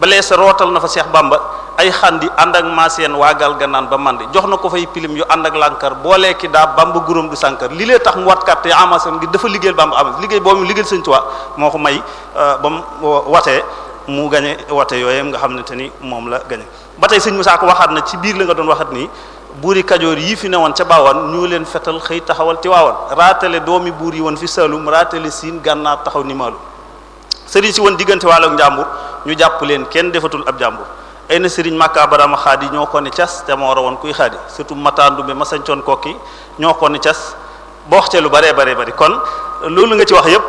[SPEAKER 3] balee sa rootal na fa Seex Bàmba ay xandi ànd ak maaseen waagal gannaan ba mande jox na ko fay pilim yu ànd ak lànkar boolee ki daa Bàmba guróom du sànkar li lee tax mu watkatte amasen ngir dafa liggéeyal Bàmba amas liggéey boobu liggéeyal Sëñ Tuubaa moo ko may euh, ba mu watee mu gañe wate yooyem nga xam ne te ni moom la gañe ba tey sëñ Musaa ko waxaat na ci biir la nga doon waxat nii buuri kajoor yii fi newoon ca baawan ñu leen fetal xëy taxawal Tiwaawan raatale doomi buur yi woon fi Saalum raatale siin gànnaar taxaw ni maalum sëriñ si woon diggante waalo ak ñu jàpp leen kenn defatul ab jàmbur ay na sëriñ Makka Barama xaadi ñoo ko ne cas te moo rawoon kuy xaadi surtout Matandumbe ma sañcoon kokki ñoo ko ne cas boox ca lu baree baree bari kon loolu nga ci wax yépp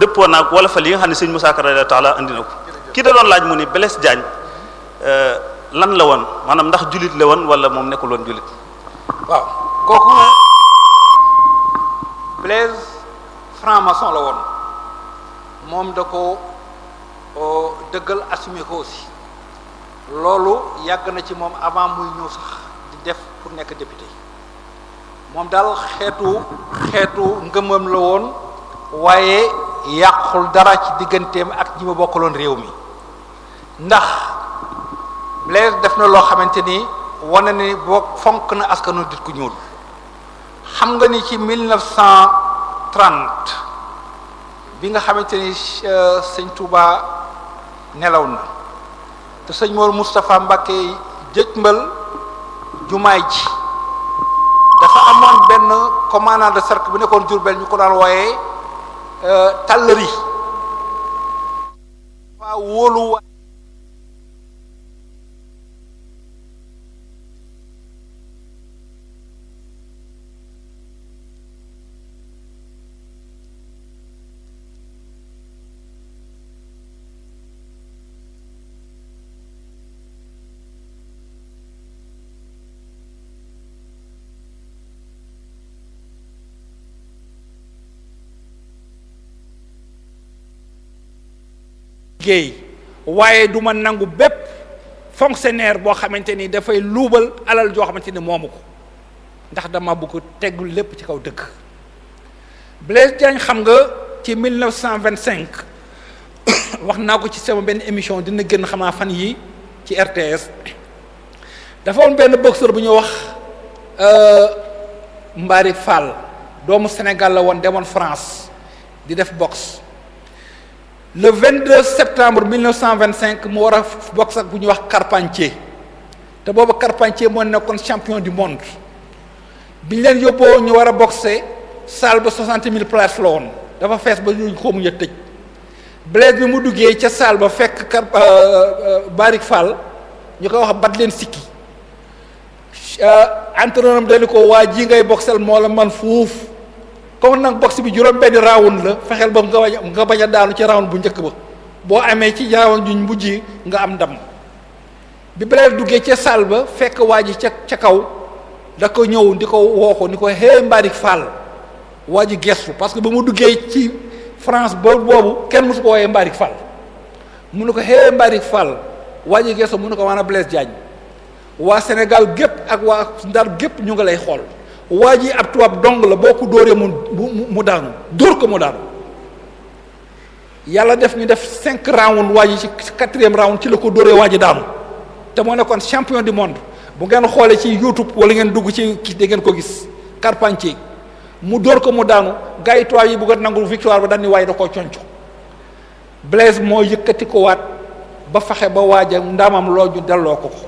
[SPEAKER 3] dëppoon naag wala fa li nga xam ne sëriñ Musaa Ka radiyallahu taala indi na ko ki da laaj mu ni Blaise Diagne euh, lan la woon maanaam ndax jullit la woon wala moom nekkul woon jullit
[SPEAKER 2] waaw kooku Blaise franc-maçon la woon moom da ko dëggal assumé ko aussi loolu yàgg na ci moom avant muy ñëw sax di def pour nekk député moom daal xeetu xeetu ngëmam la woon waaye yàqul dara ci digganteem ak ñi ma bokkaloon réew mi ndax Blaise def na loo xamante ni wane ni boo fonk na askanu dit ku ñuul xam nga ni ci 1930 bi nga xamante ni euh, sëñ Touba nelaw na te sëñ Mor Moustapha Mbacké jëjmbal jumaay ji dafa amoon benn commandant de cercle bu nekkoon Jurbel ñu ko daan wooyee euh, tàllari waa wóolu liggéey waaye du ma nangu bépp fonctionnaire boo xamante ni dafay luubal alal joo xamante ni moomu ko ndax dama bëgg tegul lépp ci kaw dëkk Blaise Diagne xam nga ci 1925 wax naa ko ci sama benn émission dina gën xamaa fan yi ci RTS dafa woon benn boxeur bu ñu wax euh, Mbari Fall doomu Sénégal la woon demoon France di def box le 22 septembre 1925 mu war a boxe ak bu ñu wax Carpentier te booba Carpentier moo nekkoon champion du monde bi ñu leen yóbboo ñu war a bokse salle ba 60 mille places la woon dafa fees ba ñu xaw ma tëj Blaise mu duggee ca salle ba fekk Car euh, euh, Barik Fall ñu koy wax bat leen sikki euh, entraîneur am dañu ko waa ji ngay boxel moo la man fuuf. comme nag box bi juróom-benn round la fexeel ba nga bañ nga bañ a daanu ci round bu njëkk ba boo amee ci round juñ mujj nga am ndam bi Bilal duggee ca salle ba fekk waa ji ca ca kaw da ko ñëw di ko woo ko ni ko hey Mbarick Fall waa ji gestu parce que ba mu duggee ci France boobu boobu kenn mësu ko woowee Mbarick Fall mu ne ko hey Mbarick Fall waa ji gestu mu ne ko maanaam Blaise Diagne waa Sénégal gépp ak waa Ndar gépp ñu ngi lay xool. waa ji ab tubaab dong la boo ko dóoree mu mu daanu dóor ko mu daanu yàlla def ñu def cinq round waa ji ci quatrième round ci la ko dóoree waa ji daanu te moo nekkoon champion du monde bu ngeen xoolee ci YouTube wala ngeen dugg ci kii da ngeen ko gis Carpentier mu dóor ko mu daanu gars yi tubaab yi bëgg a nangu victoire ba dañu waaye da koo conco Blaise moo yëkkati ko waat ba faxe ba waaja ndaamam loo ñu delloo ko ko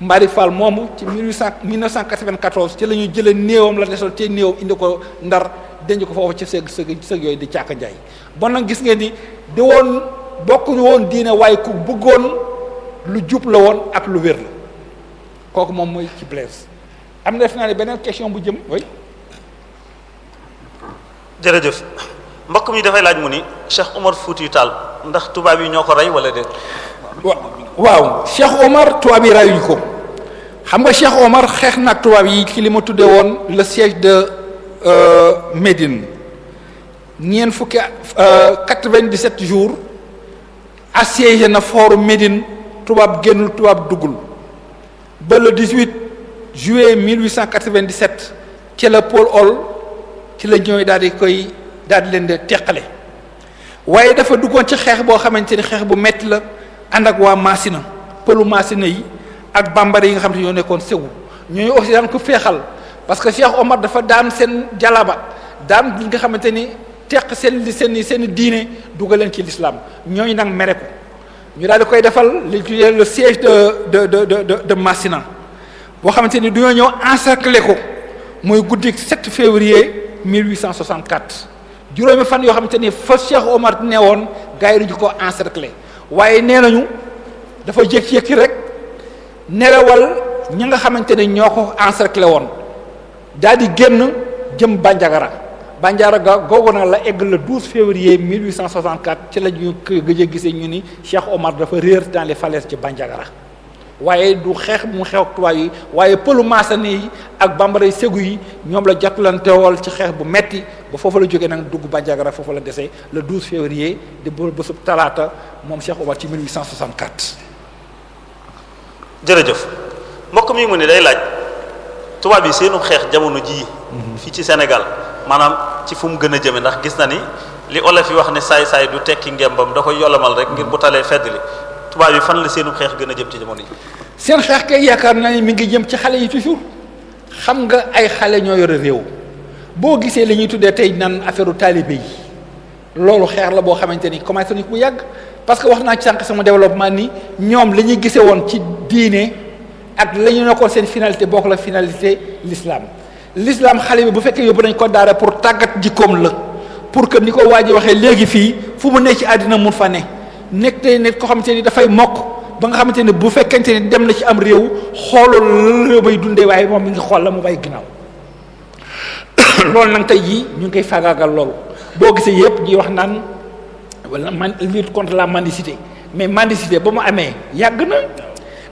[SPEAKER 2] Mbari Fall moomu ci 1994 ci la ñuy jëlee néewam la desoon ci néewam indi ko ndar denc ko foofu ci sëg sëg sëg yooyu di càkk njaay bon nag gis ngeen ni di woon bokkuñu woon diine waaye ku bëggoon lu jub la woon ak lu wér la kooku moom mooy ci Blaise am na
[SPEAKER 3] def ne beneen question bu jëm oui. jërëjëf mbokk mi dafay laaj mu ni Cheikh Omar Foutiyou Tall ndax tubaab yi ñoo ko rey wala déet. waaw
[SPEAKER 2] Cheikh Omar tubaab yi rayuñ ko xam nga Cheikh Omar xeex nag tubaab yi ci li ma tuddee woon le siège de euh, Médine ñeent fukki euh, quatre vingt jours assiégé na fort Médine tubaab génnul tubaab duggul ba le 18 juillet 1897 ci la Paul Holle ci la ñooy daal koy daal di leen di teqale waaye dafa duggoon ci xeex boo xamante ni xeex bu metti la. ànd ak waa Maasina pëlu Maasina yi ak bambara yi nga xam te ñoo nekkoon Séwu ñoo aussi daan ku feexal parce que Cheikh Omar dafa daan seen jalaba daan li nga xamante ni teq seen seen seen diine dugaleen ci l'islam ñooñu nag mere ko ñu daal di koy defal li tuddee le siège de de de de de Massina boo xamante ni du ñoo ñëw encercler ko mooy guddik 7 février 1864 juróomi fan yoo xamante ni fa Cheikh Omar newoon gars yi ko encercler waaye nee nañu dafa jékki-jékki rek nelawal ñu nga xamante ne ñoo ko encerclé woon daal di génn jëm Bandiagara Bandiagara googu nag la egg le 12 février 1864 ci la ñu gëj a gisee ñu ni Cheikh Omar dafa réer dans les falaises ci Bandiagara waaye du xeex mu xew ak tubaab yi waaye pëlu maasane yi ak bambara ségu yi ñoom la jàppalanteewal ci xeex bu metti ba foofu la jóge nag dugg Bandiagara foofu la dese le 12 février ba bésub talaata moom Cheikh Omar ci 1864.
[SPEAKER 3] jërëjëf mbokk mi mu ne day laaj tubaab yi seenu xeex jamono jii. Mhm. fii ci senegal maanaam ci fu mu gën a jëme ndax gis na ni li olof yi wax ne saay saay du tekki ngembam da ko yolomal rek ngir bu talee fedd li tubaab yi fan la seenu xeex gën a jëm ci jamono seen xeex kay yaakaar
[SPEAKER 2] naa ne mi ngi jëm ci xale yi toujours xam nga ay xale ñoo yore réew boo gisee li ñuy tuddee tey naan affaire taalibe yi loolu xeex la boo xamante ni commencé nañu ku yàgg parce que wax naa ci sànq sama développement ni ñoom lañuy ñuy gisee woon ci diine ak la ñu nekkoon seen boo bokk la finalité l'islam l'islam xale bi bu fekkee yóbbu nañ ko daara pour tàggat jikkoom la pour que ni ko waa waxee léegi fii fu mu ne ci àddina mun fa ne nekk tey ne ko xamante ni dafay mokk ba nga xamante ne bu fekkente ni dem na ci am réew xoolul réew may dundee waaye moom mi ngi xool la mu bay ginnaaw loolu nag tey jii ñu ngi koy faagaagal loolu boo gisee yëpp ñuy wax naan wala man lutte contre la mendicité mais mendicité ba mu amee yàgg na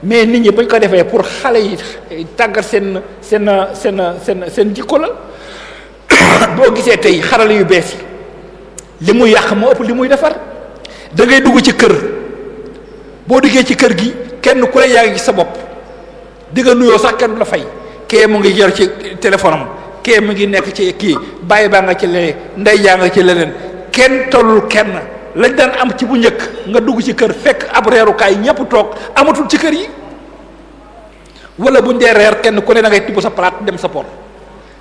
[SPEAKER 2] mais nit ñi bañ ko defee pour xale yi tàggat seen seen seen seen seen jikko boo gisee tey xarala yu bees yi li muy yàq moo ëpp li muy defar. da ngay dugg ci kër boo duggee ci kër gi kenn ku ne yaa ci sa bopp di nga nuyoo sax kenn du la fay kee mu ngi yor ci téléphone am kee mu ngi nekk ci kii bàyyi baa nga ci leneen ndey yaa nga ci leneen kenn tollul kenn lañ daan am ci bu njëkk nga dugg ci kër fekk ab reerukaay ñépp toog amatul ci kër yi wala buñ dee reer kenn ku ne da ngay tibb sa palaat dem sa por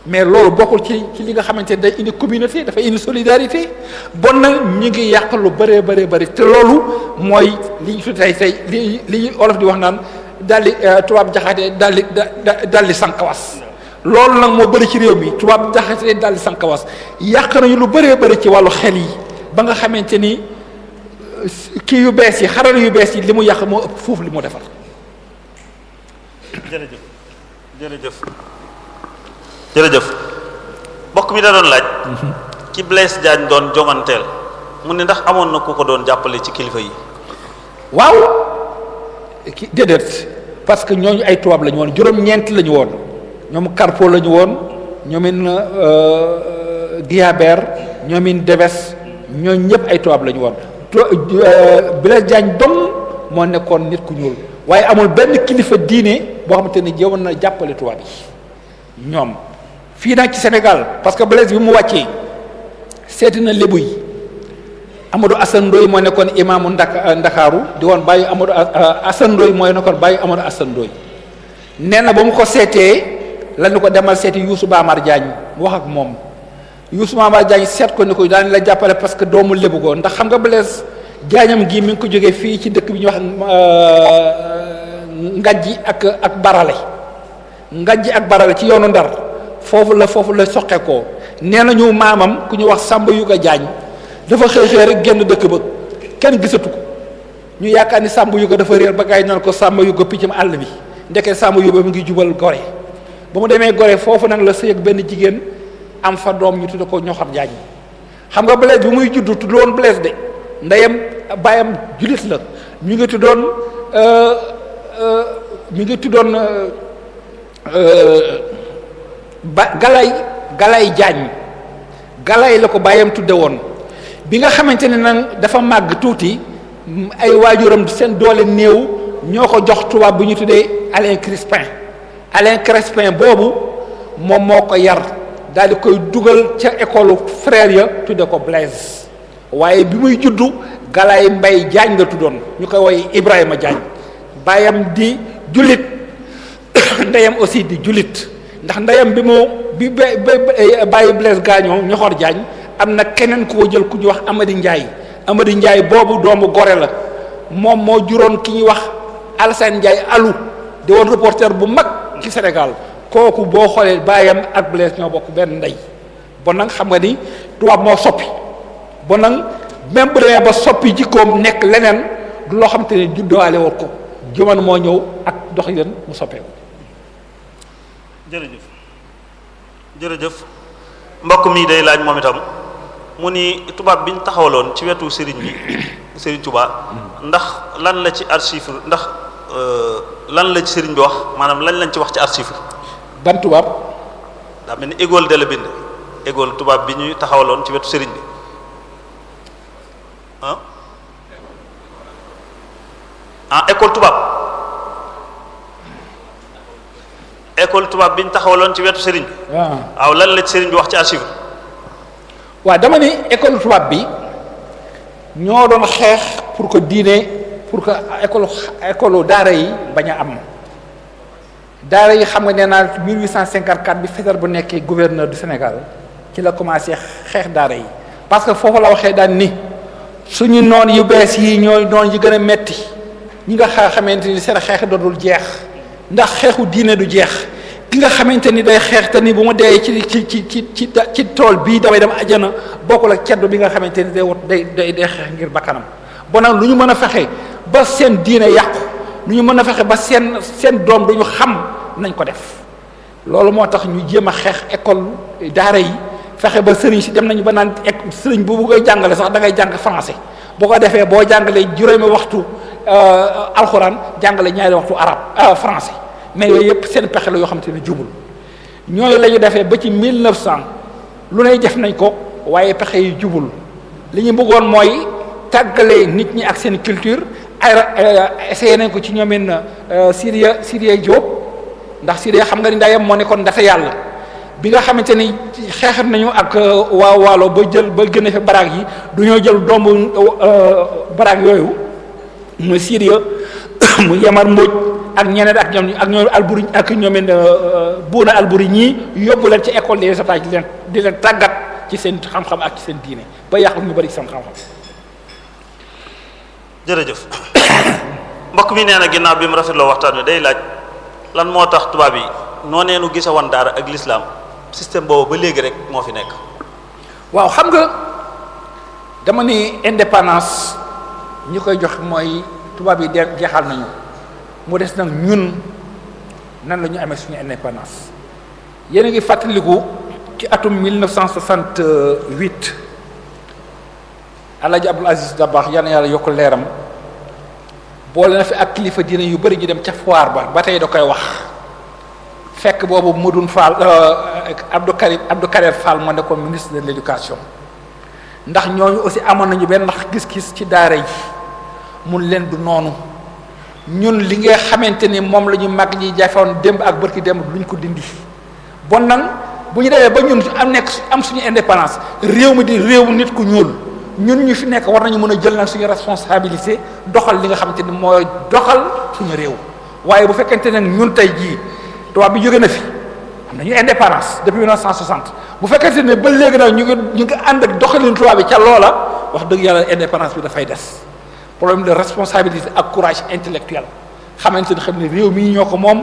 [SPEAKER 2] mais loolu bokkul ci ci li nga xamante ni day indi communauté dafay indi solidarité bon na ñu ngi yàq lu bëree bëree bëri te loolu mooy li ñu tey tey li li olof di wax naan daal di euh, tubaab jaxate daal di daal di sànqawas loolu nag moo bëri ci réew mi tubaab jaxate daal di sànqawas yàq nañu lu bëree bëri ci wàllu xel yi ba nga xamante ni euh, kii yu bees yi xaral yu bees yi li mu yàq moo ëpp foofu li mu defar.
[SPEAKER 3] jërëjëf jërëjëf mbokk mi da doon laaj mhm. ki Blaise Diagne doon jonganteel mu ne ndax amoon na ku ko doon jàppale ci kilifa yi
[SPEAKER 2] waaw ki déedéet parce que ñooñu ay tuwaab la ñu woon juróom-ñeent la woon ñoom Carpo lañu woon ñoomin euh, euh, Guillabert ñoomin Debes ñooñu ñëpp ay tubaab lañu ñu woon euh, Blaise Diagne dong moo nekkoon nit ku ñuul waaye amul benn kilifa diine boo xamante ni jéewoon na jàppale tubaab yi ñoom fii nag ci Sénégal parce que Blaise bi mu wàccee seeti na lébu yi Amadou Assane Ndoye moo nekkoon imaamu Ndaka euh, Ndakaaru di woon bàyyi Amadou euh, Assane Ndoye mooy nekkoon bàyyi Amadou Assane Ndoye nee na ba mu ko seetee la ñu ko demal seeti Youssou Bamar Diagne mu wax ak moom Youssou Bamar Diagne seet ko ni ko daan la jàppale parce que doomu lébu ko ndax xam nga Blaise jaañam gi mi ngi ko jógee fii ci dëkk bi ñuy wax euh, ngajji ak ak barale ngajji ak barale ci yoonu nda foofu la foofu la soqe koo nee nañu maamam ku ñu wax Samba Yuga Jaañ dafa xëy xëy rek génn dëkk ba kenn gisatu ko ñu yaakaar ni Samba Yuga dafa réer ba gars yi naan ko Samba Yuga piccam àll bi ndeke Samba Yuga mi ngi jubal Gorée ba mu demee Gorée foofu nag la sëy ak benn jigéen am fa doom ñu tudde ko ñoxor jaañ xam nga Blaise bi muy juddu tudd woon de ndeyam baayam jullit la ñu ngi tuddoon euh, euh, ñu ngi euh, ba galay galay jaañ galay la ko bàyyam tudde woon bi nga xamante ne nag dafa màgg tuuti ay waajuram seen doole néew ñoo ko jox tubaab bu ñu tuddee Alain Crespin Alain Crespin boobu moom moo ko yar dal di koy dugal ca école frère ya tudde ko Blaise waaye bi muy juddu Galaye Mbaye Diagne la tuddoon ñu koy woy Ibrahima Diagne baayam di jullit ndeyam aussi di jullit ndax ndeyam bi moo bi ba bàyyi eh, Blaise Gagnon ñoxor jaañ am na keneen ko jël ku ñuy wax Amady Ndiaye Amady Ndiaye boobu doomu gore la moom moo juróon ki ñuy wax Alassane Ndiaye alu di woon reporter bu mag ci Sénégal kooku boo xoolee baayam ak Blaise ñoo bokk benn ndey bon nag xam nga ni tubaab moo soppi bon nag même bu ba soppi jikkoom nekk leneen du loo xam te ne juddowaale woo ko jamono moo ñëw ak dox yéen mu soppeeku.
[SPEAKER 3] jërëjëf jërëjëf mbokk mii dey laaj moom itam mu ni tubaab bi ñu taxawaloon ci wetu sëriñ bi sëriñ Tuubaa ndax lan la ci archive ndax euh, lan la ci sëriñ bi wax maanaam lan lañ ci wax ci archive ban tubaab daa mel ni égole de la bind égool tubaab bi ñuy taxawaloon ci wetu sëriñ bi ah école tubaab école tubaab bi ñu taxaw taxawaloon ci wetu sëriñ bi. waaw ah. lan la sëriñ bi wax ci archive bi.
[SPEAKER 2] waaw dama ni école tubaab bi ñoo doon xeex pour que diine pour que école école daara yi bañ a am daara yi xam nga nee naa 1854 bi Faidherbe bu nekkee gouverneur du Sénégal ci la commencé xeex daara yi parce que foofu la waxee daan ni suñu
[SPEAKER 1] noon yu bees yi
[SPEAKER 2] ñooy noon yi gën a metti ñi nga xamante ni seen xeex dootul jeex. ndax xeexu diine du jeex ki nga xamante ni day xeex te ni bu ma dee ci ci ci ci ci ci tool bii damay dem ajana bokkul ak ceddo bi nga xamante ni day wat day day day xeex ngir bakkanam bon nag lu ñu mën a fexe ba seen diine yàqu lu ñu mën a fexe ba seen seen doom duñu xam nañ ko def loolu moo tax ñu jéem a xeex école daara yi fexe ba sëriñ si dem nañu ba naan ek sëriñ bu bu jàngale sax da ngay jàng français boo ko defee boo jàngalee juróomi waxtu Euh, alxuraan jàngale ñaari waxtu arabe euh, français mais yooyu yëpp seen pexe la yoo xamante ne jubul ñooñu lañu defee ba ci mille neuf cent lu ne def nañ ko waaye pexe yi jubul li ñu bëggoon mooy tàggalee nit ñi ak seen culture ay euh, essayé nañ ko ci ñoomin Siria Siria Diop ndax Siria xam nga ni ndayam moo nekkoon ndaxte yàlla bi nga xamante ni xeexat nañu ak waa waalo ba jël ba gën a fi baraag yi du ñoo jël domb baraag yooyu muy Syria mu Yamar Mbodj ak ñeneen ak ñoom ak ñoom alburi ak ñoom euh, buuna alburi ñii yóbbu leen ci école des otages di leen di leen tàggat ci seen xam-xam ak ci seen diine ba yàqul mu bari ci seen xam-xam.
[SPEAKER 3] jërëjëf mbokk mi nee na ginnaaw bi mu rafetloo waxtaan wi day laaj lan moo tax tubaab yi noo nee nu gisa woon daara ak lislaam système boobu ba léegi rek moo fi nekk. waaw xam nga dama ni indépendance.
[SPEAKER 2] ñi koy jox mooy tubaab yi de jeexal nañu mu des nag ñun nan la ñu amee suñu indépendance yéen a ngi fàttaliku ci atum 1968 El Hadj Abdoul Aziz Dabakh yal na yàlla yokk leeram boole na fi ak kilifa diine yu bëri ñu dem ca foire ba ba tey da koy wax fekk boobu mu Modou Fall euh, Abdou Karim Abdou Karim Fall ma nekkoon ministre de l'éducation ndax ñooñu aussi amoon nañu benn ndax gis-gis ci daara yi. mun leen du noonu ñun li nga xamante ni moom la ñu mag ñi jafoon démb ak bërki démb luñ ko dindi bon nag bu ñu demee ba ñun am nekk am suñu indépendance réew mi di réew nit ku ñuul ñun ñu fi nekk war nañu mën a jël nag suñu responsabilité doxal li nga xamante ni mooy doxal suñu réew waaye bu fekkente ne ñun tey jii tubaab bi jóge na fi am nañu indépendance depuis 1960 bu fekkente ne ba léegi nag ñu ngi ñu ànd ak doxalin tubaab bi ca loola wax dëgg yàlla indépendance bi dafay des. problème de responsabilité ak courage intellectuel xamante ni xam ne réew mii ñoo ko moom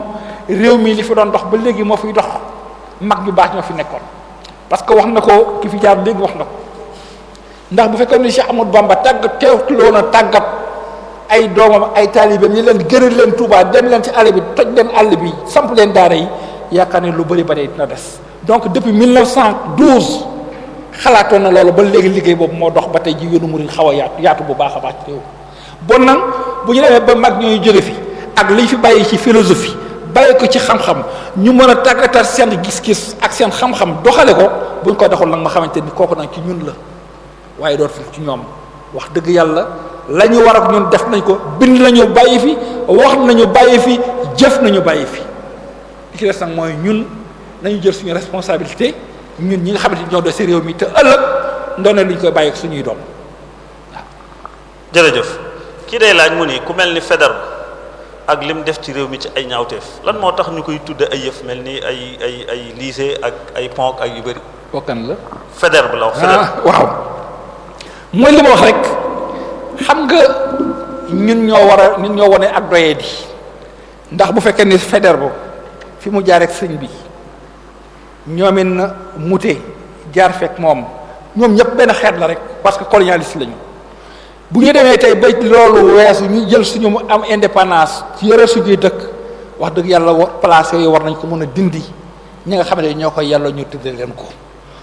[SPEAKER 2] réew mii li fi doon dox ba léegi moo fiy dox mag ñu baax ñoo fi nekkoon parce que wax na ko ki fi jaar léegi wax na ko ndax bu fekkoon ni si Amadou Bamba tàggat teewtuloon a tàggat ay doomam ay taalibeem ñi leen gëral leen Touba dem leen ci àll bi toj leen àll bi samp leen daara yi yaakaar ne lu bëri bëri dina des donc depuis 1912 xalaatoon na loolu ba léegi liggéey boobu moo dox ba tey jigéenu mu murid xaw a yaatu yaatu bu baax a baax réew bon nag bu ñu demee ba mag ñooy jóge fi ak liñ fi bàyyi ci philosophie bàyyi ko ci xam-xam ñu mën a tàggatal seen gis-gis ak seen xam-xam doxale ko buñ ko doxul nag ma xamante ni kooku nag ci ñun la waaye dootul ci ñoom wax dëgg yàlla la ñu war ak ñun nañ ko bind nañu bàyyi fi wax nañu bàyyi fi jëf nañu bàyyi fi li ci des nag mooy ñun nañu jël suñu responsabilité ñun ñi nga xamante ni ñoo doon si réew mi te ëllëg ndoone lu ñu koy bàyyi suñuy doom
[SPEAKER 3] waaw jërëjëf kii day laaj mu ni ku mel ni Faidherbe ak lim def ci réew mi ci ay ñaawteef lan moo tax ñu koy tudde ay yëf mel ni ay ay ay lycée ak ay pont ak yu bari kookan la. Faidherbe la wax. Faidherbe ah, waaw mooy li ma wax rek xam nga
[SPEAKER 2] ñun ñoo war a ñoo wane ak doyee di ndax bu fekkee ni Faidherbe fi mu jaar ak sëñ bi ñoomin mute jaar fekk moom ñoom ñëpp benn xeet la rek parce que colonialiste lañu. bu ñu demee tey ba loolu weesu ñu jël suñu am indépendance ci su suñuy dëkk wax dëgg yàlla war place yooyu war nañ ko mën a dindi ñi nga xam ne ñoo ko yàlla ñu tudde leen ko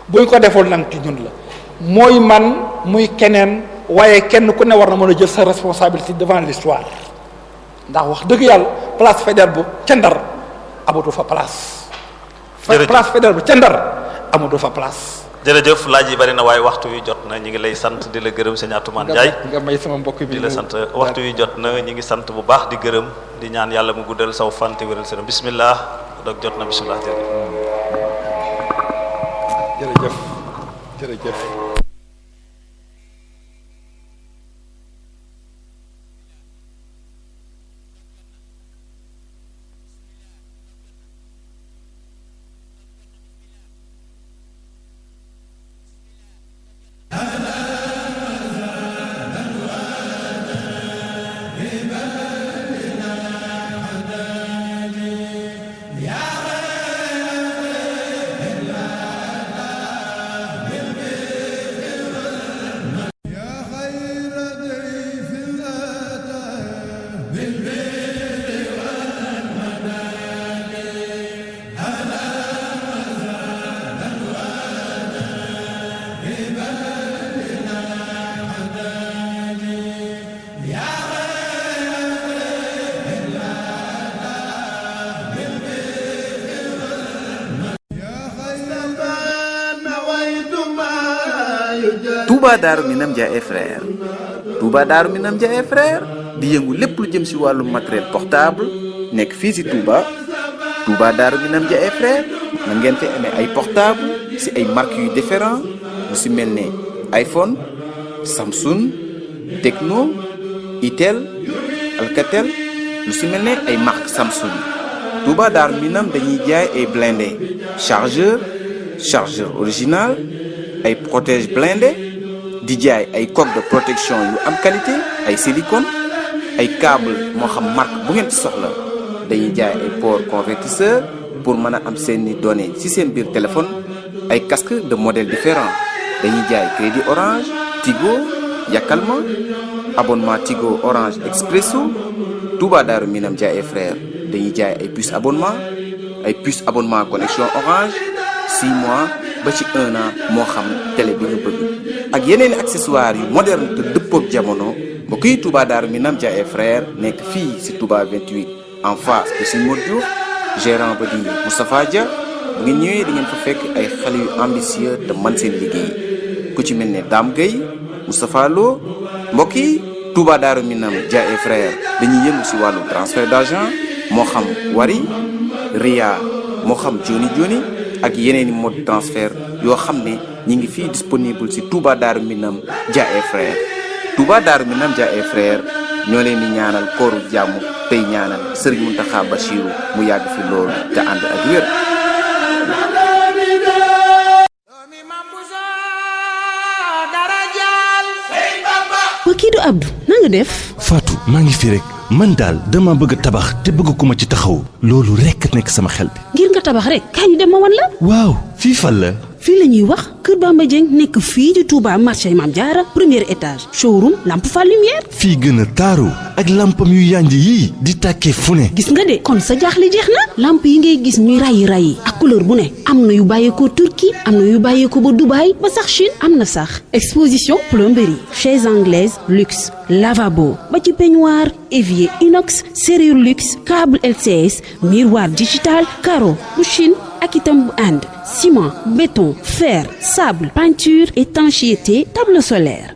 [SPEAKER 2] buñ ko defoon nag ci ñun la mooy man muy keneen waaye kenn ku ne war na mën a jël sa responsabilité devant l'histoire ndax wax dëgg yàlla place Faidherbe bu ca Ndar amatu fa place. place Faidherbe amatu fa
[SPEAKER 3] jërëjëf laaj yi bari na waaye waxtu wi jot na ñi ngi lay sant di la gërëm sëñ Atoumane Ndiaye
[SPEAKER 2] nga may sama mbokk bi di la sant
[SPEAKER 3] waxtu wi jot na ñi ngi sant bu baax di gërëm di ñaan yàlla mu guddal saw fan te wéral seen bismillah dog jot na bismillah jërëjëf
[SPEAKER 5] jërëjëf
[SPEAKER 4] daaru minam Dia et frère Touba daaru minam Dia et frère di yëngu lépp lu jëm si wàllu matériel portable nekk fii si Touba Touba daaru minam Dia et frère na ngeen fi amee ay portable si ay marques yu différent mu si mel ne iPhone Samsung Tecno Itel Alcatel lu si mel ne ay marque Samsung Touba daaru minam dañuy jaay ay blinde chargeur chargeur original ay protège blindé di jaay ay coque de protection yu am qualité ay silicone ay câble moo xam marque bu ngeen soxla dañuy jaay ay port convertisseur pour mën a am seeni données ci seen biir téléphone ay casque de modèles différents dañuy jaay crédit orange Tigo Yakalma abonnement Tigo orange expresso Touba Daaru Minam Dia et frères dañuy jaay ay puces abonnement ay puces abonnement connexion orange 6 mois ba ci 1 an moo xam télé bi bëgg ak yeneen accessoires yu moderne te dëppook jamono mbokk yi Touba Darou Minam Dia et frère nekk fii si Touba 28 en face de suñu Modou gérant ba di Moustapha Dia bu ngeen ñëwee di ngeen fa fekk ay xale yu ambitieux te man seen liggéey ku ci mel ne Dame Gueye Moustapha Lo mbokk yi Touba Darou Minam Dia et frère dañuy yëngu si wàllu transfert d'argent moo xam wari ria moo xam joni joni ak yeneeni i mode de yoo xam ne ñi ngi fi disponible si Touba Darou Minam Dia et Frères Touba Darou Minam Dia ñoo leen ñaanal kooru jàmm tey ñaanal Serigne Mountakha Bachirou mu yàgg fi loolu te ànd ak wér.
[SPEAKER 6] Kidou Abdou na def.
[SPEAKER 7] maa ngi fi rek man daal dama bëgg a tabax te bëgg ku ma ci taxaw loolu rek nekk sama xel bi.
[SPEAKER 6] nga tabax rek kaay ñu dem
[SPEAKER 7] waaw fii fan
[SPEAKER 6] fii la ñuy wax Kër Bamba nekk fii ci Touba marché Mame Diarra premier étage showroom lampe fa lumière.
[SPEAKER 5] fii gën a taaru ak lampam yu yànj yii di tàkkee fu ne.
[SPEAKER 6] gis nga de kon sa jaaxle jeex na lamp yi ngay gis ñuy rayi rayi ak couleur bu ne am na yu bàyyeekoo Turquie am na yu bàyyeekoo ba Dubaï ba sax Chine am na sax exposition plomberie chaise anglaise luxe lavabo ba ci peignoir évier inox serrure luxe câble LCS miroir digital carreau bu Chine ak itam bu Inde. ciment, béton, fer, sable, peinture, étanchéité, table solaire.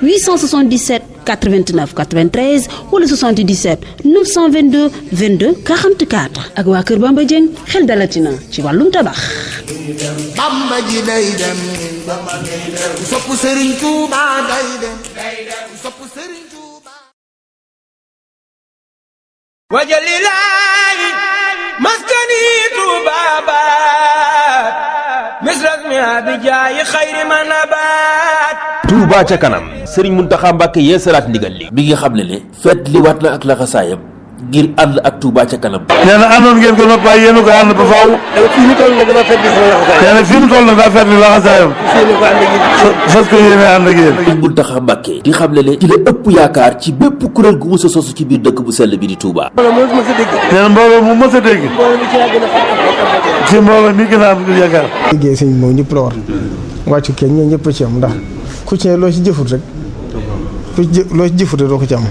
[SPEAKER 6] 877 89 93 wala 77 922 22 44 ak waa Kër Bamba Dieng xel dalatina ci wàllum tabax.
[SPEAKER 2] Bamba ji day dem
[SPEAKER 7] Touba ca kanam Serigne Mountakha Mbacké yee salaat ndigal li bi nga xam ne ne feet li waat na ak laxasaayam ngir ànd ak Touba ca kanam.
[SPEAKER 3] nee àndoon ngeen ko nopp waaye yéen a ko ànd ba faaw. fii mu toll nag dafa fekk na fii mu toll
[SPEAKER 7] nag dafa
[SPEAKER 8] fekk
[SPEAKER 7] fas ko yéene ànd ak yéen. Sëriñ Muntaxa Mbàkke di xam ne ne ci la ëpp yaakaar ci bépp kuréel gu mës a sosu ci biir dëkk bu sell bi di Touba.
[SPEAKER 6] nee
[SPEAKER 1] na mbooloo mu mës a dégg. gën am yaakaar. liggéey sëñ moom ñëpp la war wàccu
[SPEAKER 2] kenn ñoo ñëpp ci am ndax ku ci loo ci jëfut rek loo ci jëfut rek doo ko ci am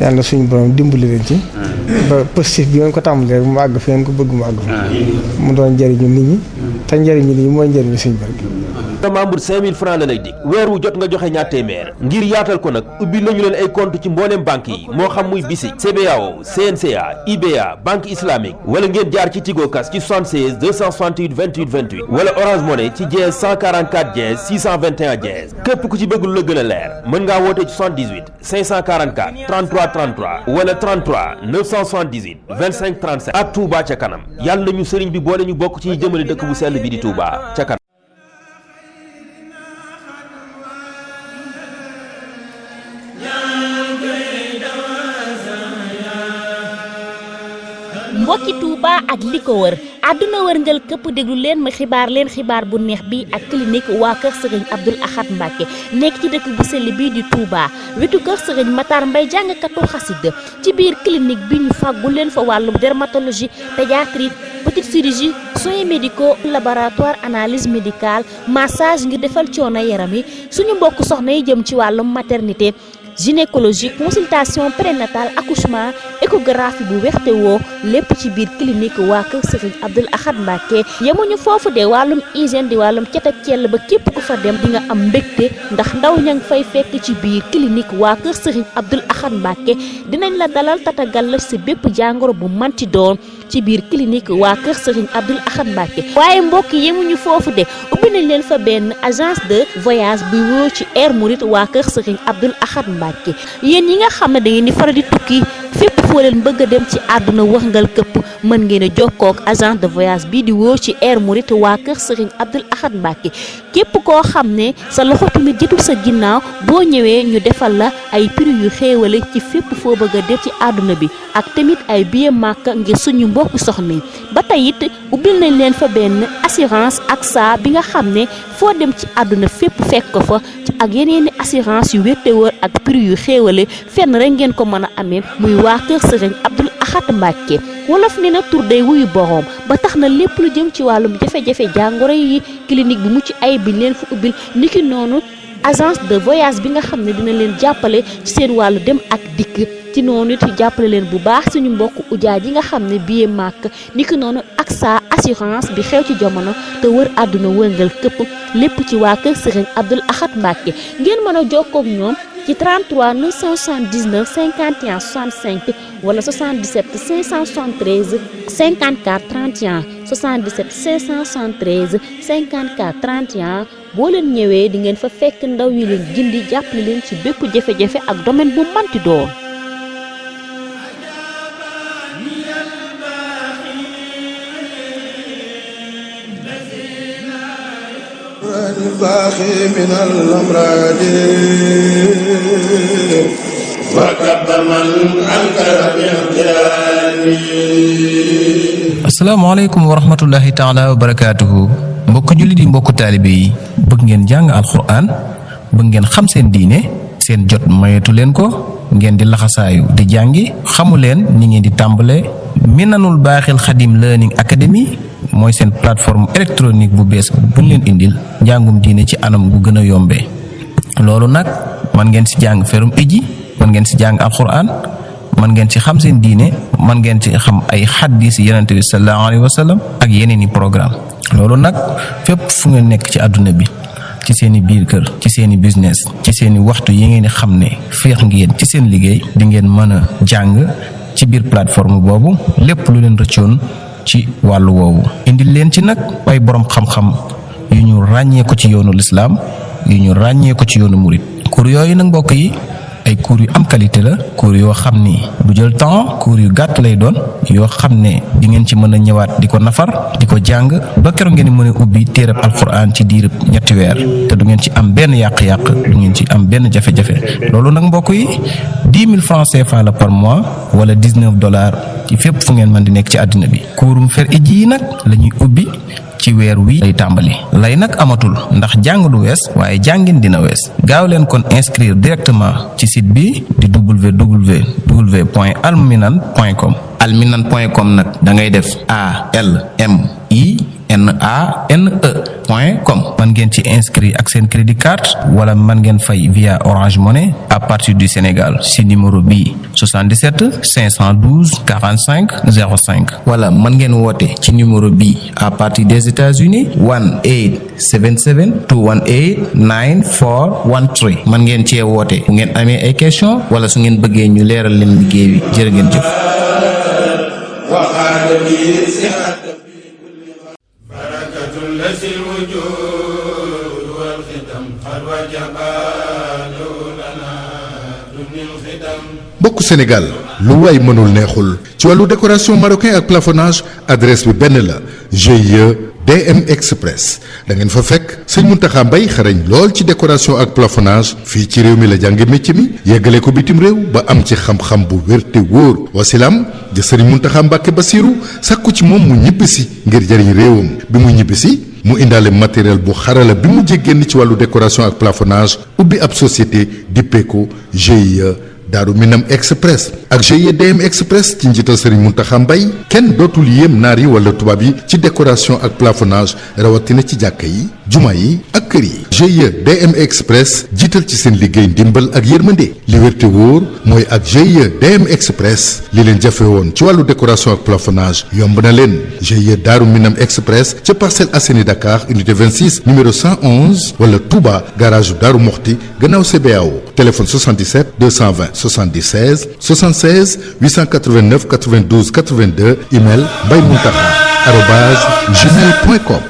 [SPEAKER 2] yàlla suñu borom dimbali leen ci.
[SPEAKER 6] Hmm.
[SPEAKER 2] ba positif bi ngeen ko tàmbalee mu àgg fi ngeen ko bëgg mu àgg fa. Hmm. mu doon njëriñu nit ñi. te njëriñu nit ñi mooy njëriñu suñ borom.
[SPEAKER 7] te membre 5000 francs la lay dig weer wu jot nga joxe ñaar téeméer ngir yaatal ko nag ubbi nañu leen ay compte ci mbooleem banque yi moo xam muy BICIC CBAO CNCA IBA banque islamique wala ngeen jaar ci Tigo Cash ci 76 268 28 28 wala Orange Money ci dièse 144 képp ku ci bëgg lu la gën leer mën ngaa woote ci 78 544 33 33 wala 33 978 25 37 ak Touba ca kanam yàlla nañu sëriñ bi boole ñu bokk ci jëmale dëkk bu sell bi di Touba ca kanam
[SPEAKER 8] mbokki Touba ak li ko wër àdduna wërngal këpp déglu leen ma xibaar leen xibaar bu neex bi ak clinique waa kër sëriñ Abdoul Ahad Mbacke nekk ci dëkk bu sell bii di Touba wetu kër sëriñ Matar Mbay jàngkatu xasida ci biir clinique bi ñu fàggu leen fa wàllum dermatologie pédiatrie petite chirurgie soins médicaux laboratoire analyse médicale massage ngir defal coono yaram yi suñu mbokk soxna yi jëm ci wàllum maternité gynécologie consultation prénatale accouchement échographie bu te woo lépp ci biir clinique waa kër Serigne Abdoul Ahad Mbacké yemuñu foofu de wàllum hygiène di wàllum cet ak cell ba képp ku fa dem di nga am mbégte ndax ndaw ña ngi fay fekk ci biir clinique waa kër Serigne Abdoul Ahad Mbacké dinañ la dalal tatagal la si bépp jàngoro bu manti doon ci biir clinique waa kër Serigne Abdoul Ahad Mbacké waaye mbokk ñu foofu de ubbi nañ leen fa benn agence de voyage bi wóor ci Air Mouride waa kër Serigne Abdoul Ahad Mbacké yéen yi nga xam ne da ngeen di faral di tukki fépp foo leen bëgg a dem ci àdduna waxngal këpp mën ngeen jokkook jokkoo agence de voyage bii di wóor ci Air Mouride waa kër Serigne Abdoul Ahad Mbacké képp koo xam ne sa loxo tamit jëtul sa ginnaaw boo ñëwee ñu defal la ay prix yu xéewale ci fépp foo bëgg ci àdduna bi ak tamit bopp soxna yi ba tey it ubbil nañ leen fa benn assurance ak saa bi nga xam ne foo dem ci àdduna fépp fekk ko fa ak yeneeni assurance yu wétte wër ak prix yu xéewale fenn rek ngeen ko mën a amee muy waa kër sëriñ Abdul Ahad Mbàkke wolof ne na tur day wuyu boroom ba tax na lépp lu jëm ci wàllum jafe-jafe jàngoro yi clinique bi mucc ay bi leen fa ubbil niki noonu agence de voyage bi nga xam ne dina leen jàppale ci seen wàllu dem ak dikk ci noonu it jàppale leen bu baax suñu mbokku ujaa ji nga xam ne billet màkk niki noonu ak sa assurance bi xew ci jamono te wër àdduna wërngal këpp lépp ci waa kër Serigne Abdoul Ahad Mbacké ngeen mën a jokkoo ak ñoom ci 33 979 51 65 wala 77 573 54 31 77 573 54 boo leen ñëwee di ngeen fa fekk ndaw yi leen gindi jàppale leen ci bépp jafe-jafe ak domaine bu manti doon.
[SPEAKER 5] الباقي من الأمراض وقدم الأنكر بالقيام
[SPEAKER 4] السلام عليكم ورحمة mbokk jullit yi mbokk taalibe yi bëgg ngeen jàng alxuraan bëgg ngeen xam seen diine seen jot mayetu leen ko ngeen di laxasaayu di jàngi xamu leen ni ngeen di tàmbale minanul baaxil xadim learning academy mooy seen plateforme électronique bu bees buñ leen indil njàngum diine ci anam bu gën a yombee loolu nag man ngeen si jàng ferum iji man ngeen si jàng alxuraan man ngeen ci xam seen diine man ngeen ci xam ay xaddis yonent bi sallallahu alayhi wa sallam ak yeneen i programme loolu nag fépp fu ngeen nekk ci àdduna bi ci seen i biir kër ci seen i business ci seen i waxtu yi ngeen di xam ne féex ngeen ci seen liggéey di ngeen mën a jàng ci biir plateforme boobu lépp lu leen rëccoon ci wàllu woowu indil leen ci nag ay boroom xam-xam yu ñu ràññee ci yoonu lislaam yu ñu ràññee ci yoonu murit kur yooyu nag mbokk yi ay cours yu am qualité la cours yoo xam ni du jël temps cours yu gàtt lay doon yoo xam ne dingeen ci mën a ñëwaat di ko nafar di ko jàng ba keroog ngeen mën a ubbi téereb alquran ci diirub ñetti weer te du ngeen ci am benn yàq-yàq du ngeen ci am benn jafe-jafe loolu nag mbokk yi dix mille francs CFA la par mois wala dix neuf dollars ci fépp fu ngeen mën di nekk ci àddina bi kuurum fer iji yi nag lañuy ubbi ci weer wi lay tàmbali lay nag amatul ndax jàng du wees waaye jàngin dina wees gaaw leen kon inscrire directement ci site bi di www point alminan point com alminan point com nag da ngay def a l m i NANE point com man ngeen ci inscrit ak seen crédit carte wala man ngeen fay via Orange Money à partir du Sénégal si numéro bi 77 512 45 05 wala man ngeen woote ci numéro bi à partir des États-Unis 1 877 218 9413 mën ngeen cee woote bu ngeen amee ay question wala su ngeen bëggee ñu leeral leen liggéey jër ngeen jëf
[SPEAKER 2] ثلث الوجود والختم قد وجب
[SPEAKER 5] لنا دون الختم mbokk Sénégal lu waay mënul neexul ci wàllu décoration marocain ak plafonnage adresse bi benn la GIE DM Express da ngeen fa fekk sëñ Mountakha Mbaye xarañ lool ci décoration ak plafonnage fii ci réew mi la jànge métier mi yeggale ko bitim réew ba am ci xam-xam bu wér te wóor wasilaam ja sëriñ Mountakha ba Basiru sàkku ci moom mu ñibbisi ngir jëriñ réewam bi mu ñibbisi mu indaale matériel bu xarala bi mu jéggéen ci wàllu décoration ak plafonnage ubbi ab société dippeeko GIE daaru minam express ak GIDM e express ci njiital Serigne Mountakha Mbaye kenn dootul yéem naar yi wala tubaab yi ci décoration ak plafonage rawatina ci jàkka yi juma yi ak kër yi GIE DM Express jiital ci seen liggéey ndimbal ak yërmande li wérte wóor mooy ak GIE m Express li leen jafe woon ci wàllu décoration ak plafonnage yomb na leen GIE Daaru Minam Express ca Parcelles Assainies Dakar unité 26 numéro 111 wala Touba garage Daaru Moxti gannaaw CBAO téléphone 77 220 76 76 889 92 82 email mbay muntaxa arobase gmail point com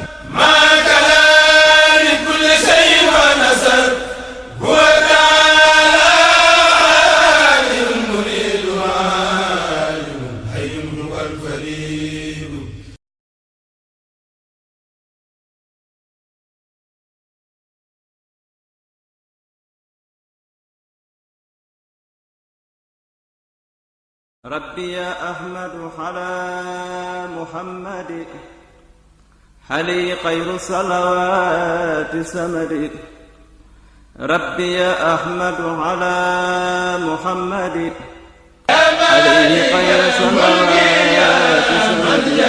[SPEAKER 3] ربي يا أحمد على محمد حلي خير صلوات سمد ربي يا أحمد على محمد عليه خير صلوات سمد